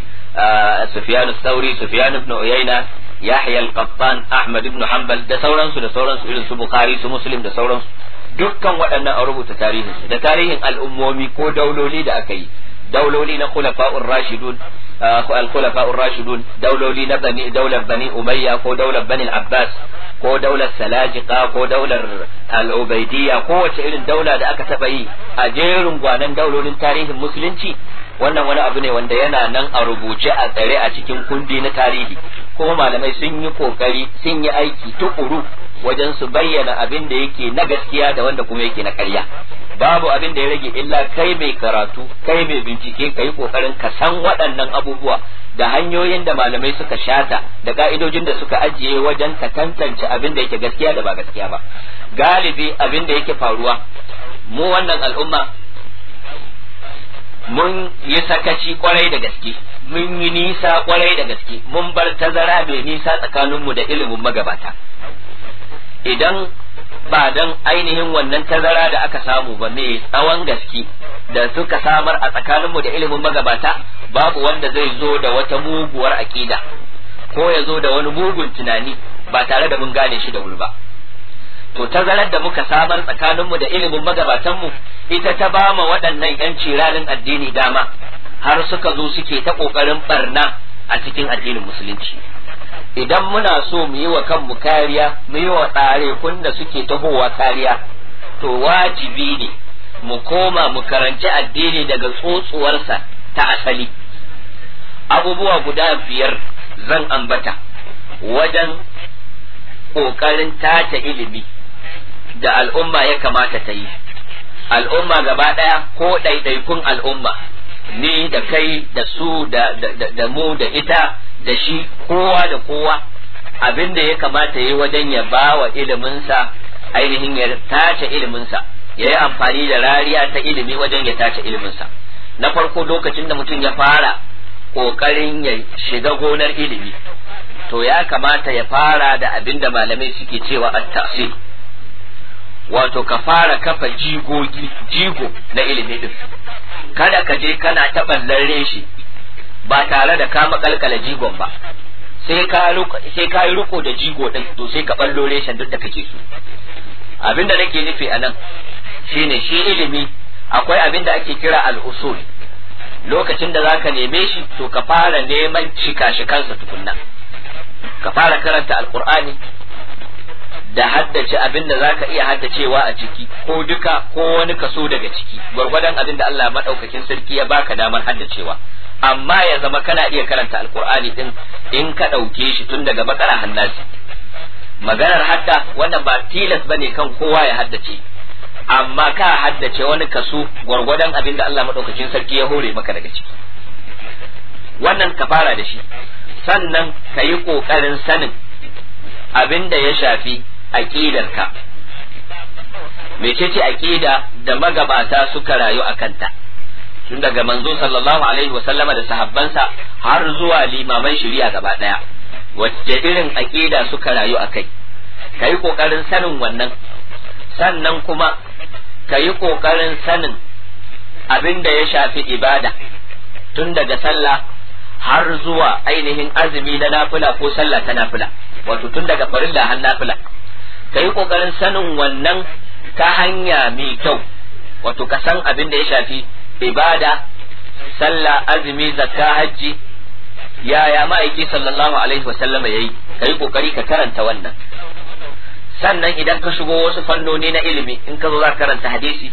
sufyan sauri sufyan ibn uyayna yahya al-qattan ahmad ibn hanbal da sauransu da sauransu irin su bukhari su muslim da sauransu dukkan waɗannan a rubuta tarihin da tarihin al'ummomi ko dauloli da aka yi dauloli na khulafa'ur rashidun al-khulafa ar-rashidun dauloli na bani daular bani umayya ko daular bani al-abbas ko daular salajiqa ko daular al-ubaidiyya ko wace irin daula da aka taba yi a jerin gwanan daulolin tarihin musulunci wannan wani abu ne wanda yana nan a rubuce a tsare a cikin kundi na tarihi kuma malamai sun yi kokari sun yi aiki tukuru wajen su bayyana abin da yake na gaskiya da wanda kuma yake na karya. babu abin da ya rage illa kai mai karatu kai mai bincike ka yi kokarin ka san waɗannan abubuwa da hanyoyin da malamai suka shata da ka'idojin da suka ajiye wajen ka tantance abin da yake gaskiya da ba gaskiya ba galibi abin da yake faruwa mu wannan al'umma mun yi sakaci kwarai da gaske mun yi nisa kwarai da gaske mun bar tazara mai nisa tsakaninmu da ilimin magabata idan ba don ainihin wannan tazara da aka samu ba mai tsawon gaske da suka samar a tsakaninmu da ilimin magabata babu wanda zai zo da wata muguwar aƙida ko ya zo da wani mugun tunani ba tare da mun gane shi da wuri ba to tazarar da muka samar tsakaninmu da ilimin magabatanmu ita ta ba mu waɗannan 'yan ciranin addini dama har suka zo suke ta ƙoƙarin barna a cikin addinin musulunci idan muna so mu yi wa kanmu kariya mu yi wa tsare da suke tahowa kariya to wajibi ne mu koma mu karanci addini daga tsotsuwarsa ta asali abubuwa guda biyar zan ambata wajen ƙoƙarin tace ilimi da al'umma ya kamata ta yi al'umma gaba ɗaya ko ɗaiɗaikun al'umma ni da kai da su da, da, mu da ita da shi kowa da kowa abin da ya kamata yi wajen ya ba wa iliminsa ainihin ya tace iliminsa ya yi amfani da rariya ta ilimi wajen ya tace iliminsa na farko lokacin da mutum ya fara ƙoƙarin ya shiga gonar ilimi to ya kamata ya fara da abinda malamai suke cewa at-tafsir wato ka fara kafa jigogi jigo na ilimi din kada ka je kana taɓa lalle shi ba tare da ka makalkala jigon ba sai ka sai yi riko da jigo din to sai ka ballo reshen duk da kake so abinda nake nufi anan shine shi ilimi akwai abin abinda ake kira al lokacin da zaka neme shi to ka fara neman shika-shikansa tukunna ka fara karanta alkur'ani da haddace abin da zaka iya haddacewa a ciki ko duka ko wani kaso daga ciki gwargwadon abin da Allah madaukakin sarki ya baka damar haddacewa amma ya zama kana iya karanta alkur'ani din in ka ɗauke shi tun daga bakara hannasi maganar hadda wannan ba tilas bane kan kowa ya haddace amma ka haddace wani kaso gwargwadon abin da Allah madaukakin sarki ya hore maka daga ciki wannan ka fara da shi sannan ka yi ƙoƙarin sanin abin da ya shafi ce mecece aqida da magabata suka rayu a kanta tun daga manzo sallallahu alaihi wa sallama da sahabbansa har zuwa limaman shari'a gaba daya wacce irin aqida suka rayu a kai kai kokarin sanin wannan sannan kuma kayi kokarin sanin abin da ya shafi ibada tun daga sallah har zuwa ainihin azumi na nafila ko sallah ta nafila wato tun daga farilla har nafila ka yi ƙoƙarin sanin wannan ta hanya mai kyau wato ka san abin da ya shafi ibada sallah azumi zakka hajji yaya ma'aiki sallallahu alaihi wasallama ya yi ka yi ƙoƙari ka karanta wannan sannan idan ka shigo wasu fannoni na ilimi in ka zo za karanta hadisi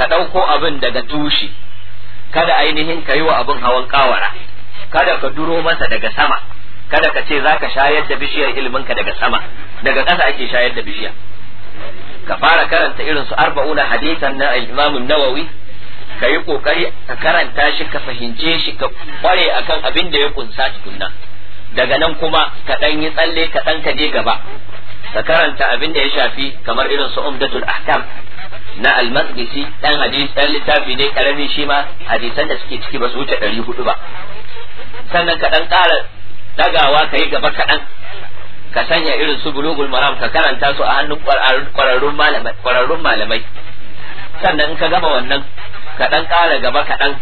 ka ɗauko abin daga tushe kada ainihin ka yi wa abin hawan kawara kada ka duro masa daga sama kada ka ce zaka shayar da bishiyar ilimin ka daga sama daga ƙasa ake shayar da bishiya ka fara karanta irin su arba'una hadisan na Imam Nawawi ka yi kokari ka karanta shi ka fahimce shi ka kware akan abin da ya kunsa tukunna daga nan kuma ka dan yi tsalle ka dan ka je gaba ka karanta abin da ya shafi kamar irin su umdatul ahkam na al Ɗan dan dan littafi ne karami shi ma hadisan da suke ciki ba su wuce 400 ba sannan ka dan ƙara dagawa ka yi gaba kaɗan ka sanya irin su bulugul maram ka karanta su a hannun kwararrun malamai sannan in ka gama wannan ka ɗan ƙara gaba kaɗan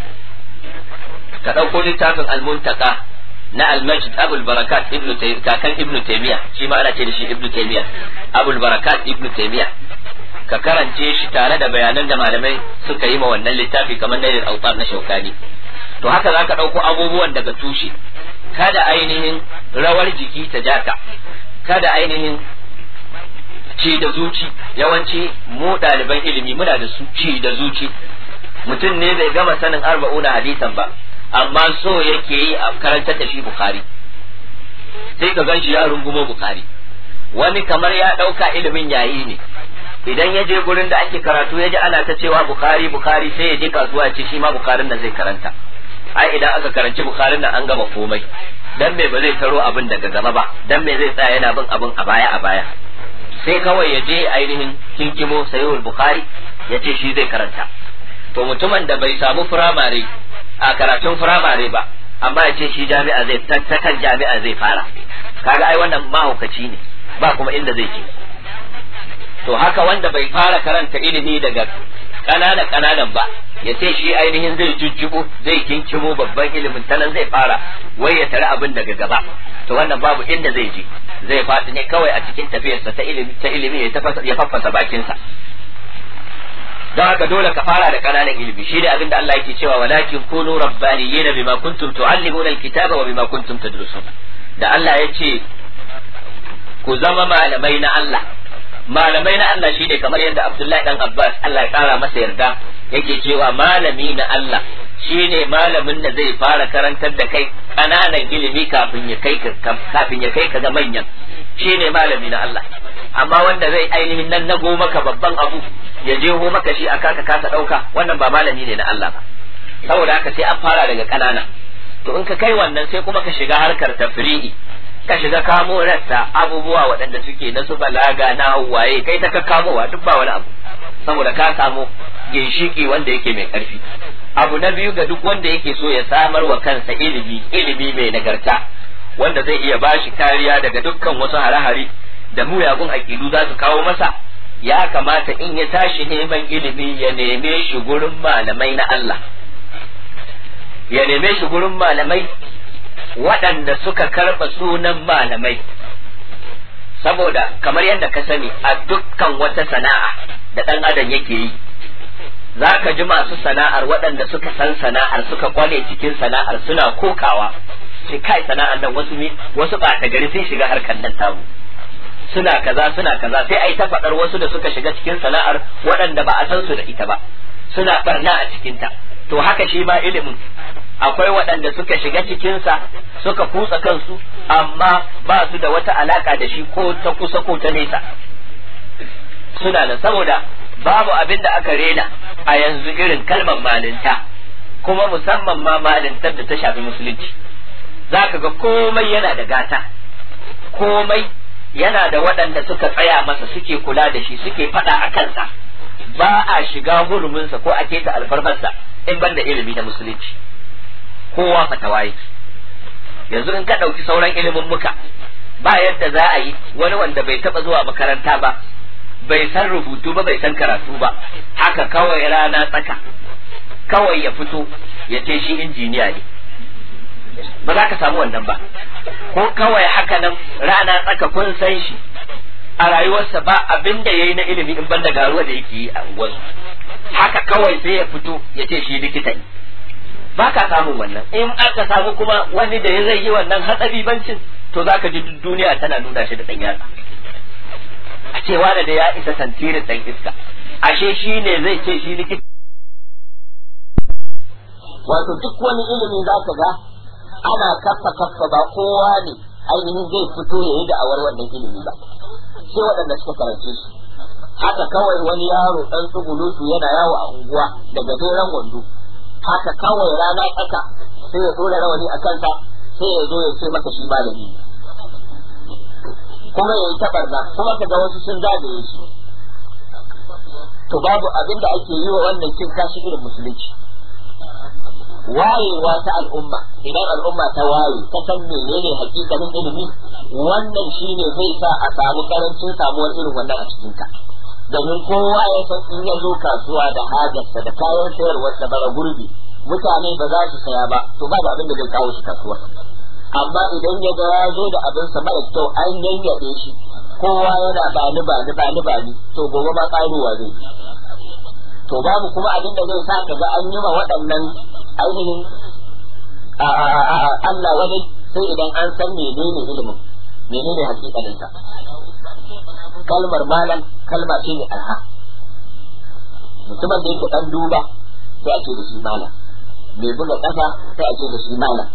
ka ɗauko littafin almuntaka na almajid abul barakat ibnu kakan ibnu taymiya shi ma ana ce da shi ibnu taymiya abul barakat ibnu taymiya ka karance shi tare da bayanan da malamai suka yi ma wannan littafi kamar al awtar na shaukani to haka za ka ɗauko abubuwan daga tushe kada ainihin rawar jiki ta jata kada ainihin ce da zuci yawanci mu ɗaliban ilimi muna da suci da zuci mutum ne bai gama sanin arba'una hadisan ba amma so yake yi a karantar da shi bukari sai ka gan shi ya rungumo bukari wani kamar ya ɗauka ilimin yayi ne idan ya je gurin da ake karatu ya ji ana ta cewa bukari bukari sai ya je kasuwa ce shi ma bukarin da zai karanta ai idan aka karanci bukharin nan an gama komai dan me ba zai taro abin daga gaba ba dan me zai tsaya yana bin abin a baya a baya sai kawai ya je ainihin kinkimo sahihul bukhari ya ce shi zai karanta to mutumin da bai samu firamare a karatun firamare ba amma ya ce shi jami'a zai ta kan jami'a zai fara kaga ai wannan mahaukaci ne ba kuma inda zai je to haka wanda bai fara karanta ilimi daga kanana kananan ba ya ce shi ainihin zai jujjubo zai kinkimo babban ilimin tanan zai fara wai ya tare abin daga gaba to wannan babu inda zai je zai faɗi ne kawai a cikin tafiyarsa ta ilimi ta ilimi ya faffasa bakinsa don haka dole ka fara da kananan ilimi shi ne abin da Allah yake cewa walakin kunu rabbaniyina bima kuntum tuallimuna alkitaba wa bima kuntum tadrusun da Allah ya ce ku zama malamai na Allah malamai na Allah shine kamar yadda Abdullahi dan Abbas Allah ya tsara masa yarda yake cewa malami na Allah shine malamin da zai fara karantar da kai kananan ilimi kafin ya kai kafin ya kai ka ga manyan shine malami na Allah amma wanda zai ainihin nan nago maka babban abu ya je ho maka shi aka ka kasa dauka wannan ba malami ne na Allah ba saboda haka sai an fara daga kanana to in ka kai wannan sai kuma ka shiga harkar tafri'i ka shiga kamo rassa abubuwa waɗanda suke na su balaga na waye kai ta wa duk ba wani abu saboda ka samu ginshiki wanda yake mai ƙarfi abu na biyu ga duk wanda yake so ya samar wa kansa ilimi ilimi mai nagarta wanda zai iya ba shi kariya daga dukkan wasu hare-hare da muyagun aƙidu za su kawo masa ya kamata in ya tashi neman ilimi ya neme shi gurin malamai na Allah ya neme shi gurin malamai waɗanda suka karɓa sunan malamai saboda kamar yadda ka sani a dukkan wata sana'a da ɗan adam yake yi za ka ji masu sana'ar waɗanda suka san sana'ar suka kwale cikin sana'ar suna kokawa sai kai sana'ar nan wasu wasu ta gari sun shiga harkar nan tamu suna kaza suna kaza sai ai ta faɗar wasu da suka shiga cikin sana'ar waɗanda ba a san su da ita ba suna barna a cikinta to haka shi ma ilimin akwai waɗanda suka shiga cikinsa suka kutsa kansu amma ba su da wata alaka da shi ko ta kusa ko ta nesa suna da saboda babu abin da aka rena a yanzu irin kalmar malinta kuma musamman ma malintar da ta shafi musulunci za ka ga komai yana da gata komai yana da waɗanda suka tsaya masa suke kula da shi suke faɗa a kansa ba a shiga huruminsa ko a keta alfarmarsa in ban da ilimi na musulunci kowa tawaye yanzu in ka ɗauki sauran ilimin muka ba yadda za a yi wani wanda bai taɓa zuwa makaranta ba bai san rubutu ba bai san karatu ba haka kawai rana tsaka kawai ya fito ya ce shi injiniya ne ba za ka samu wannan ba ko kawai haka nan rana tsaka kun san shi a rayuwarsa ba abin da ya yi na ilimi in ban da garuwa da yake yi a unguwarsu haka kawai sai ya fito ya ce shi likita ne ba ka samun wannan in aka samu kuma wani da ya zai yi wannan hatsari bancin to za ka ji duniya tana nuna shi da ɗan a ce wani da ya isa santirin ɗan iska ashe shi ne zai ce shi likita wato duk wani ilimi za ka ga ana kafa kafa ba kowa ne ainihin zai fito ya yi da'awar wannan ilimi ba sai waɗanda suka karanci shi haka kawai wani yaro ɗan tsugulu yana yawo a unguwa daga doron wando haka kawai rana tsaka sai ya dora rawani a kansa sai ya zo ya ce maka shi ba da ni kuma ya yi tabarda kuma ka ga wasu sun zagaye shi to babu abin da ake yi wa wannan cin kashi irin musulunci wayewa ta al'umma idan al'umma ta waye ta san menene hakikanin ilimi wannan shine zai sa a samu karancin samuwar irin wannan a cikin ka domin kowa ya san in ya zo kasuwa da hajarsa da kayan sayarwarsa bara gurbi mutane ba za su saya ba to ba abin da zai kawo shi kasuwa amma idan ya ga ya zo da abin sa mara kyau an yanyaɗe shi kowa yana ba ni ba ni ba ni ba ni to gobe ma ƙaruwa zai to babu kuma abin da zai sa ka ga an yi ma waɗannan ainihin Allah wani sai idan an san menene ilimin menene hakikalinsa kalmar malam kalma ce ne arha mutumin da yake dan duba sai a ce da shi malam mai buga kasa sai a ce da shi malam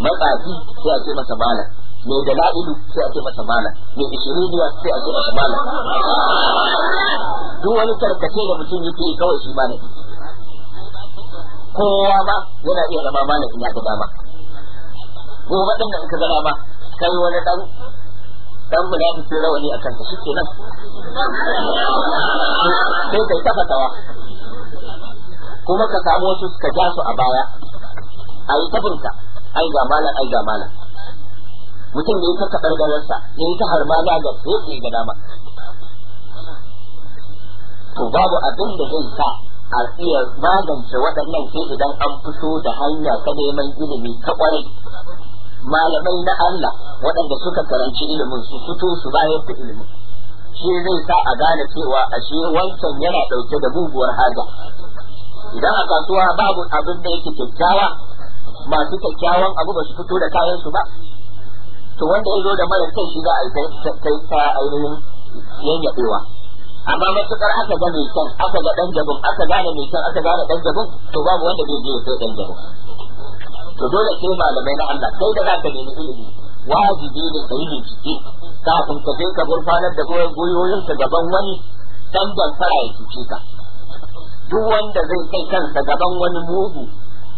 matsafi sai a ce masa malam mai la'idu sai a ce masa malam mai ishiridiya sai a ce masa malam duk wani tarkace da mutum yake kawai shi malam kowa ba yana iya zama malam ina ta ga dama gobe ɗin da in ka zama ba kai wani dan dan munafiki rawani akan ta shike nan sai kai ta kuma ka samu wasu ka ja su a baya a yi tafinta, ai ga malam ai ga malam mutum ne ta kaɗar galarsa ne ta harmala ga tsoke ga dama to babu abin da zai sa a iya magance waɗannan sai idan an fito da hanya ta neman ilimi ta ƙwarai malamai na Allah waɗanda suka karanci ilimin su fito su bayar da ilimin shi zai sa a gane cewa ashe wancan yana ɗauke da muguwar haja idan a kasuwa babu abin da yake kyakkyawa masu kyakkyawan abu ba su fito da kayan su ba to wanda ya zo da mara kai shi za a kai ta ainihin yanyaɗewa amma matukar aka ga mai kyan aka ga ɗan jabin aka gane mai kyan aka gane ɗan jabin to babu wanda zai je ya kai ɗan jabin to dole sai malamai na Allah kai da zaka nemi ilimi wajibi ne kai bincike kafin ka kai ka gurfanar da goyoyin ka gaban wani dan dan fara ya cuce ka duk wanda zai kai kansa gaban wani mugu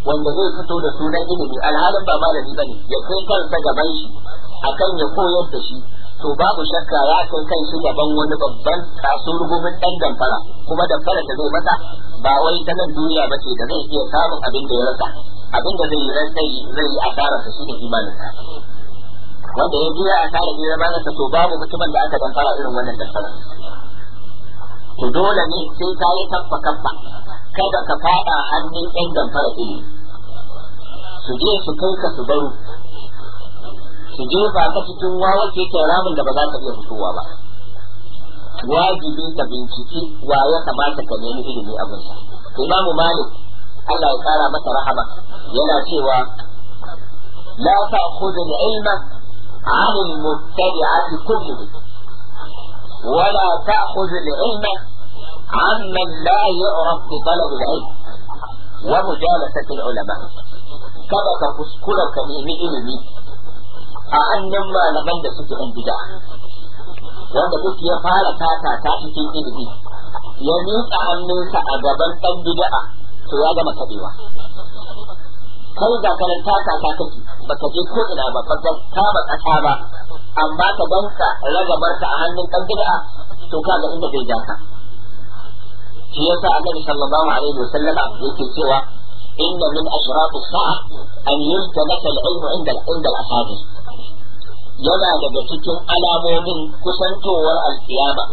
wanda zai fito da sunan ilimi alhalin ba malami bane ya kai kansa gaban shi akan ya koyar da shi to babu shakka ya kai kan shi gaban wani babban kasurgumin ɗan damfara kuma damfara da zai masa ba wai ta nan duniya ba ce da zai iya samun abin da ya rasa abin da zai yi rasa zai yi asara ta shi da imaninsa wanda ya biya asara ne ba sa to babu mutumin da aka damfara irin wannan damfara to dole ne sai ka yi kaffa kaffa kada ka fada hannun ɗan damfara ɗin su je su kai ka su baro su jefa ka cikin wawa ke ramin da ba za ka iya fitowa ba wajibi ka binciki wa ya kamata ka nemi ilimi abin sa imam malik Allah ya kara masa rahama yana cewa la ta'khudhu al-ilma 'an al-mubtadi'ati kullihi wa la ta'khudhu al-ilma 'amman la yu'raf bi talab al-'ilm wa mujalasati al-ulama kada ka kuskura ka nemi ilimi a hannun malaman da suke ɗan gida wanda duk ya fara tata ta cikin ilimi ya miƙa hannunsa a gaban ɗan bid'a to ya gama kaɗewa kai ga kanan taka ta kake baka je ko ina ba baka ba ƙasa ba amma ka danka ragabarta a hannun ɗan bid'a to kaga inda zai ja ka shi yasa annabi sallallahu alaihi wasallam yake cewa inna min ashraqis sa'a an yulta lakal ilmu inda inda al-ahadith yana daga cikin alamomin kusantowar alkiyama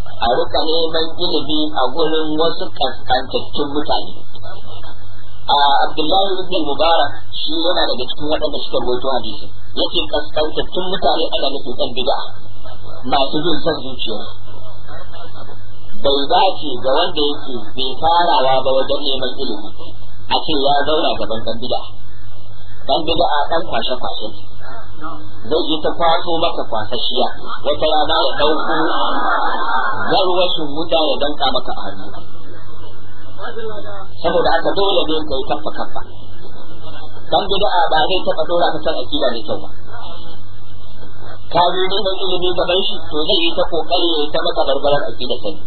a rika neman ilimi a gurin wasu kaskantattun mutane a abdullahi ibn mubarak shi yana daga cikin waɗanda suka rawaito hadisi yake kaskantattun mutane ana nufin ɗan bid'a masu bin son zuciya bai dace ga wanda yake bai farawa ba wajen neman ilimi a ce ya zauna gaban ɗan bid'a dan bid'a dan kwashe kwashe zai yi ta kwaso maka kwasashiya wata rana ya dauko garwashin wuta ya danka maka a hannu saboda aka dole ne kai kafa kafa dan bid'a ba zai taɓa dora ka san akida da kyau ba ka ne neman ilimi gaban shi to zai yi ta kokari ya yi ta maka barbarar akida sani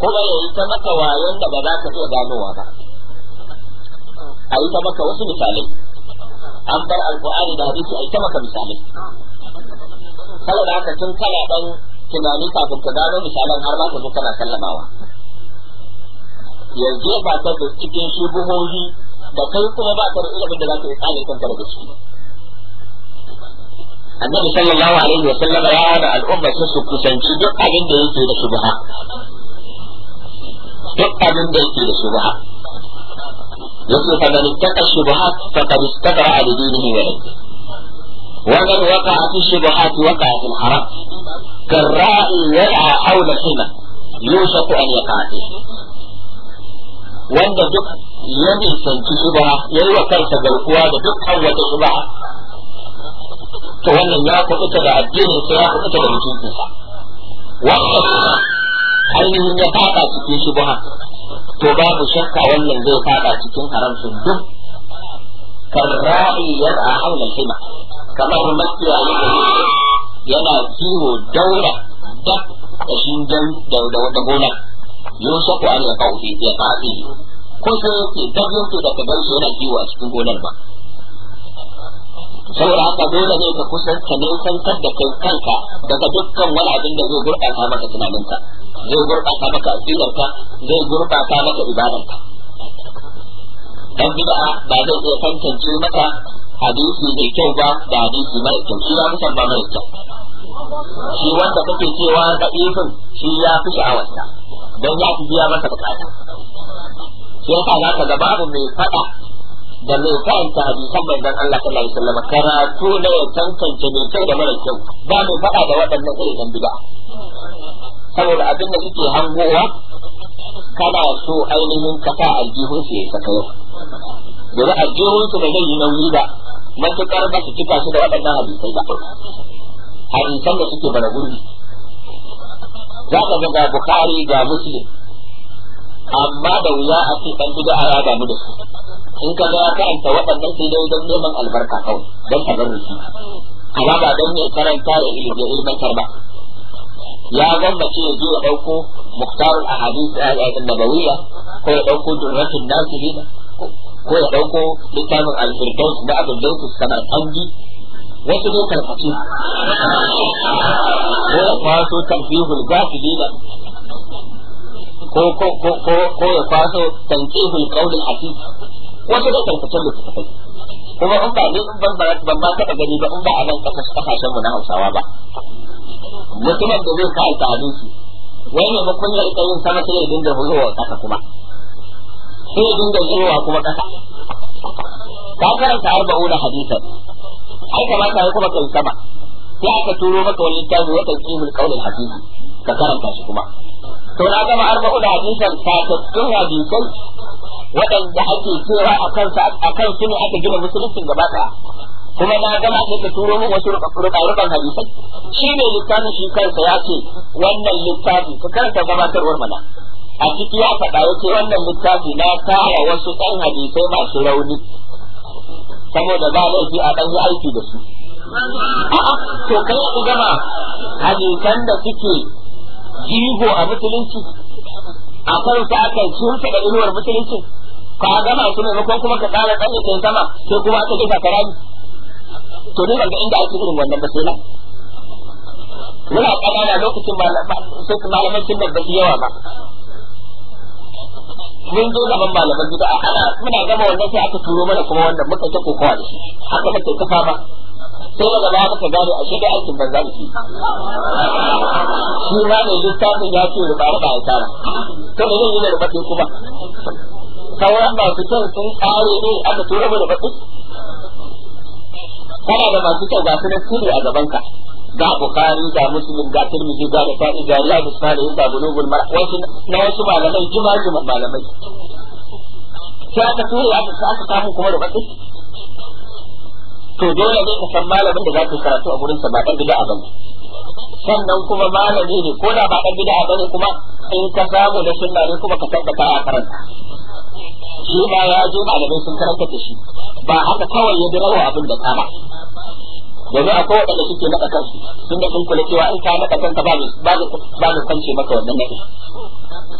kuma ya yi ta maka wayon da ba za ka iya ganowa ba a yi ta maka wasu misalai an bar alƙur'ani da hadisi a yi ta maka misalai saboda haka tun kana dan tunani kafin ka gano misalan har ma ka zo kana sallamawa yanzu ya ba ta da cikin shubuhohi da kai kuma ba ta da ilimin da za ka yi tsare ka da ciki annabi sallallahu alaihi wa sallama ya da al'umma su su kusanci duk abin da yake da shubha duk abin da yake da shubha يقول a اتقى الشبهات فقد استبرأ لدينه ورده ومن وقع في الشبهات وقع في الحرام كالراعي يرعى حول الحمى يوشك an يقع فيه wanda duk ya nisanci shubha ya yi wa kansa garkuwa da dukkan wata shubha to wannan ya kuɓuta da addinin sa ya kuɓuta da mutuncinsa wanda ainihin ya faɗa cikin shubha to babu shakka wannan zai fada cikin haramcin duk karra'i a haula hima kamar makiya yana kiwo daura da kashin dan da wata gona yusufu an ya kawo ya yi ko sai yake dabbin da ka gan yana kiwo a cikin gonar ba saboda haka dole ne ka kusan ka nisantar da kai kanka daga dukkan wani abin da zai gurɓata maka tunaninka zai gurɓata maka addinarka zai gurɓata maka ibadanka dan bid'a ba zai iya tantance maka hadisi mai kyau ba da hadisi mara kyau shi ba musan ba mara kyau shi wanda kake cewa da ifin shi ya fi sha'awarsa don ya fi biya masa bukata sai ka za ka gaba mai faɗa da mai karanta hadisan manzon Allah sallallahu alaihi wasallam karatu ne ya tantance mai kyau da mara kyau ba mai faɗa da waɗannan irin bid'a saboda abin da suke hangowa kana so ainihin ka sa aljihun su ya saka yau domin aljihun su ba zai yi nauyi ba matukar ba su cika su da waɗannan hadisai ba hadisan da suke bara gurbi za ka ga ga bukari ga muslim amma da wuya a ce ɗan bida a yada mu da su in ka ga ya karanta waɗannan sai dai don neman albarka kawai don tabarruki amma ba don ne karanta da ilimin ilmantar ba ya gwammace ya je ya ɗauko muktarul ahadith a eh, ayatul eh, nabawiyya ko ya ɗauko durratul nasihin ko ya ɗauko littafin al-firdaus da abin dausu samarkandi wasu ne karfafi ko ya kwaso tarfihul gafilina ko ko ko ko ya kwaso tankihul qawl al-hafiz wasu ne karfafin littafai kuma in ba ni in ban ban ma taɓa gani ba in ba a nan ƙasashen mu na Hausawa ba mutumin da zai ka alƙalin shi wai ne ba kunyar ita yin sama sai ya dinga zuwa ƙasa kuma sai ya dinga zuwa kuma ƙasa ka karanta na hadisan ai kamata ya kuma kai sama ya aka turo maka wani littafi wata kihul qaulul hadisi ka karanta shi kuma to na gama arba'un hadisan tatattun hadisai waɗanda ake cewa a kan a kansu ne aka gina musulunci gaba ɗaya kuma na gama sai ka turo min wasu rukan hadisai shi ne littafin shi kansa ya ce wannan littafi ka karanta gabatarwar mana a ciki ya faɗa ya ce wannan littafi na tara wasu ɗan hadisai masu rauni saboda ba laifi a ɗan yi aiki da su. A'a, to kai ku gama hadisan da suke jigo a musulunci a kansa aka shirka da inuwar musulunci ka gama su maimakon kuma ka tsara tsaye kai sama sai kuma aka jefa ka rami to ne ga inda ake irin wannan ba sai na muna kanana lokacin sai malaman sun da yawa ba mun zo gaban malaman gida ana muna gama wannan sai aka turo mana kuma wannan muka ta kokawa da shi haka muke kafa ba sai daga baya muka gane a shiga aikin banza da shi shi ma mai littafin ya ce da ruba ya tara to me zai yi da ruba kuma sauran masu kyau sun tsare ne aka tura mu ruba kana da masu kyau ga su na sirri a gabanka ga bukari ga muslim ga tirmidhi ga nasa'i ga riyadu salihin ga bulugul mara wasu na wasu malamai jima jima malamai sai aka tura aka aka samu kuma da baki to dole ne ka san malamin da za ka karatu a gurin sa ba dan bid'a ba sannan kuma malami ne ko da ba dan bid'a ne kuma in ka samu da sunna ne kuma ka tabbata a karanta shi ba ya zo malamin sun karanta da shi ba haka kawai ya dawo abin da kama yanzu akwai waɗanda suke naɗa kansu sun da sun kula cewa in ka naɗa kanka ba ba ba mu kwance maka wannan naɗi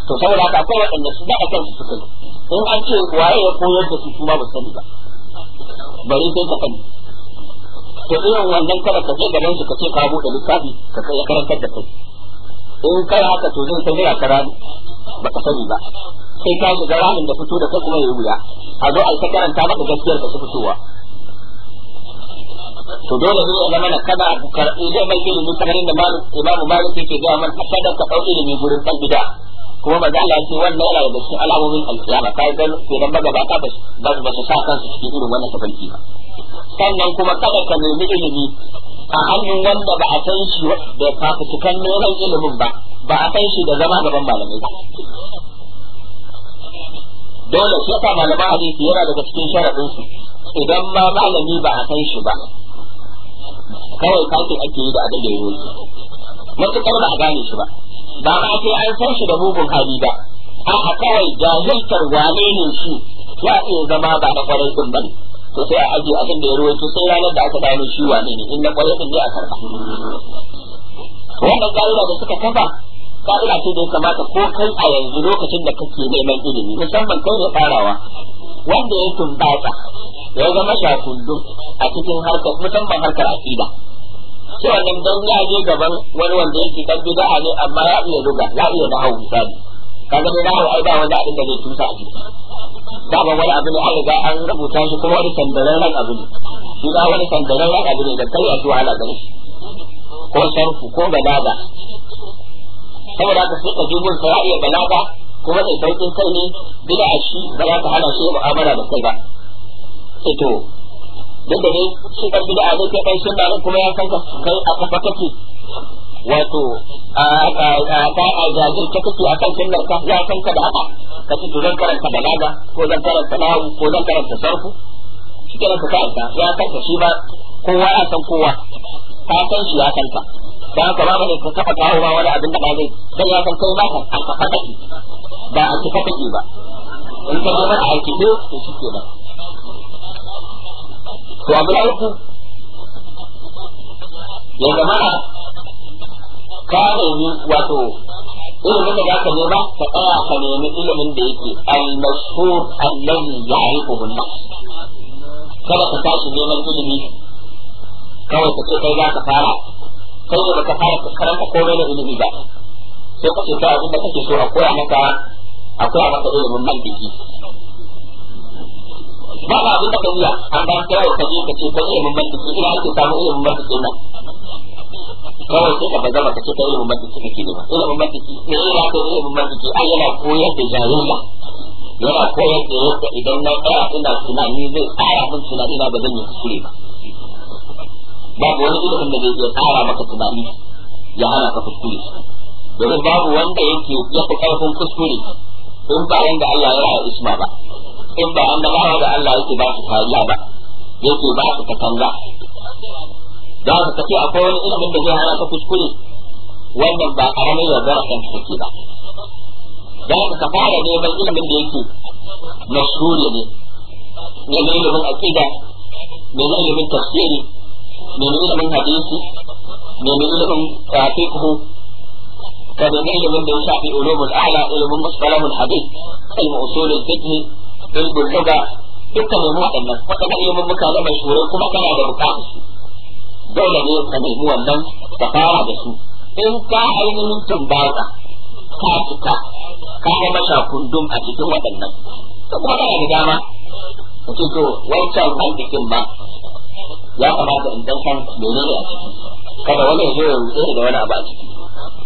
to saboda haka akwai waɗanda su naɗa kansu suka yi in an ce waye ya koyar da su kuma ba sani ba bari sai ka sani to irin wannan kada ka je gaban su ka ce ka bude littafi ka kai ya karantar da kai in kai haka to zai san yana karatu ba ka sani ba sai ka shiga ramin da fito da kai kuma ya wuya a zo ai ta karanta maka gaskiyar ka su fitowa to dole ne ya zama kana karɓi zai mai ilimi kamar inda imam malik yake ga man kada ka ɗauki ilimi gurin ɗan bid'a kuma maza Allah ya ce wannan yana da cikin alamomin alkiyama ta ga kenan magabata ba ba su sa kansu cikin irin wannan tafarki ba sannan kuma kada ka nemi ilimi a hannun wanda ba a san shi da fafutukan neman ilimin ba ba a san shi da zama gaban malamai ba dole shi yasa malaman hadisi yana daga cikin sharadin su idan ma malami ba a san shi ba kawai kafin ake yi da adadin yi matuƙar ba a gane shi ba ba ma sai an san shi da mugun hali ba a'a kawai jahiltar wane ne shi ya iya zama ba na kwarai din bane to sai a ajiye abin da ya ruwaito sai ranar da aka gano shi wane ne inda kwarai din ne a karba wannan ka'ida da suka kafa ka'ida ce da ya kamata ko kai a yanzu lokacin da kake neman ilimi musamman kai da farawa wanda ya tumbata ya zama shakundun a cikin harkar musamman harkar akida ce wannan dan ya je gaban wani wanda yake kan bid'a ne amma ya iya ruga ya iya da hawu misali kaga ne nawo ai ba wanda abin da zai tusa a ciki da ba wani abu ne an riga an rubuta shi kuma wani sandaran ran abu ne shi da wani sandaran ran abu ne da kai a tuwa ala gari shi ko sarfu ko balaga saboda haka sai ka jibin sai ya iya balaga kuma sai saukin kai ne bid'a shi ba za ta hana shi mu'amala da kai ba ito duk da dai shi ɗan bida abin da ɗan shin ɗan kuma ya san ka kai a kafa kake wato a jajirce kake a kan sunnar ka ya san ka da haka ka ci zan karanta balaga ko zan karanta nahu ko zan karanta sarfu shi kenan ka karanta ya san ka shi ba kowa ya san kowa ka san shi ya san ka dan haka ba ne ka kafa kawo ba wani abin da ba zai dan ya san kai ba ka a kafa kake ba a kafa kake ba in ka zama a aiki ne to shi kenan to abin aiki ya zama ka nemi wato ilimin da za ka nema ka tsaya ka nemi ilimin da yake al-mashhur allazi ya'rifu bin nas kada ka tashi neman ilimi kawai ka ce kai za ka fara kai ne baka fara karanta komai na ilimi ba sai ka ce ta abin da kake so a koya maka a koya maka ilimin mantiki ba ba abin da ka iya an ba ka ka je ka ce ko ilimin mantiki ina ake samu ilimin mantiki nan kawai sai ka ba zama ka ce ka ilimin mantiki kake ne ba ilimin mantiki ne ina ka ilimin mantiki ai yana koyar da jahiliya yana koyar da yadda idan na tsaya ina tunani zai tsaya mun tunani na ba zan yi kuskure ba babu wani ilimin da zai iya tsara maka tunani ya hana ka kuskure domin babu wanda yake ya fi ƙarfin kuskure in ba yanda Allah ya raya isma ba in ba annabawa da Allah yake ba su kariya ba yake ba su katanga da su kace akwai wani ilimin da zai hana ka kuskure wannan ba karamin yaudara kan take ba da su ka fara neman ilimin da yake mashhuri ne ne ilimin aqida ne ilimin tafsiri ne ilimin hadisi ne ilimin eh, fiqh ka ne ilimin da ya shafi ulumul a'la ilimin mustalahul hadith ilmu usulul fiqh ilmul lugha dukkan mu waɗannan waɗannan ilimin muka na mashhurai kuma kana da bukatar su dole ne ka nemi wannan ka fara da su in ka ainihin tumbaza ka fita ka ga masha kundum a cikin waɗannan to kuma kana da dama kace to wancan cikin ba ya kamata in dan san menene a ciki kada wani ya zo ya rutse da wani abu a ciki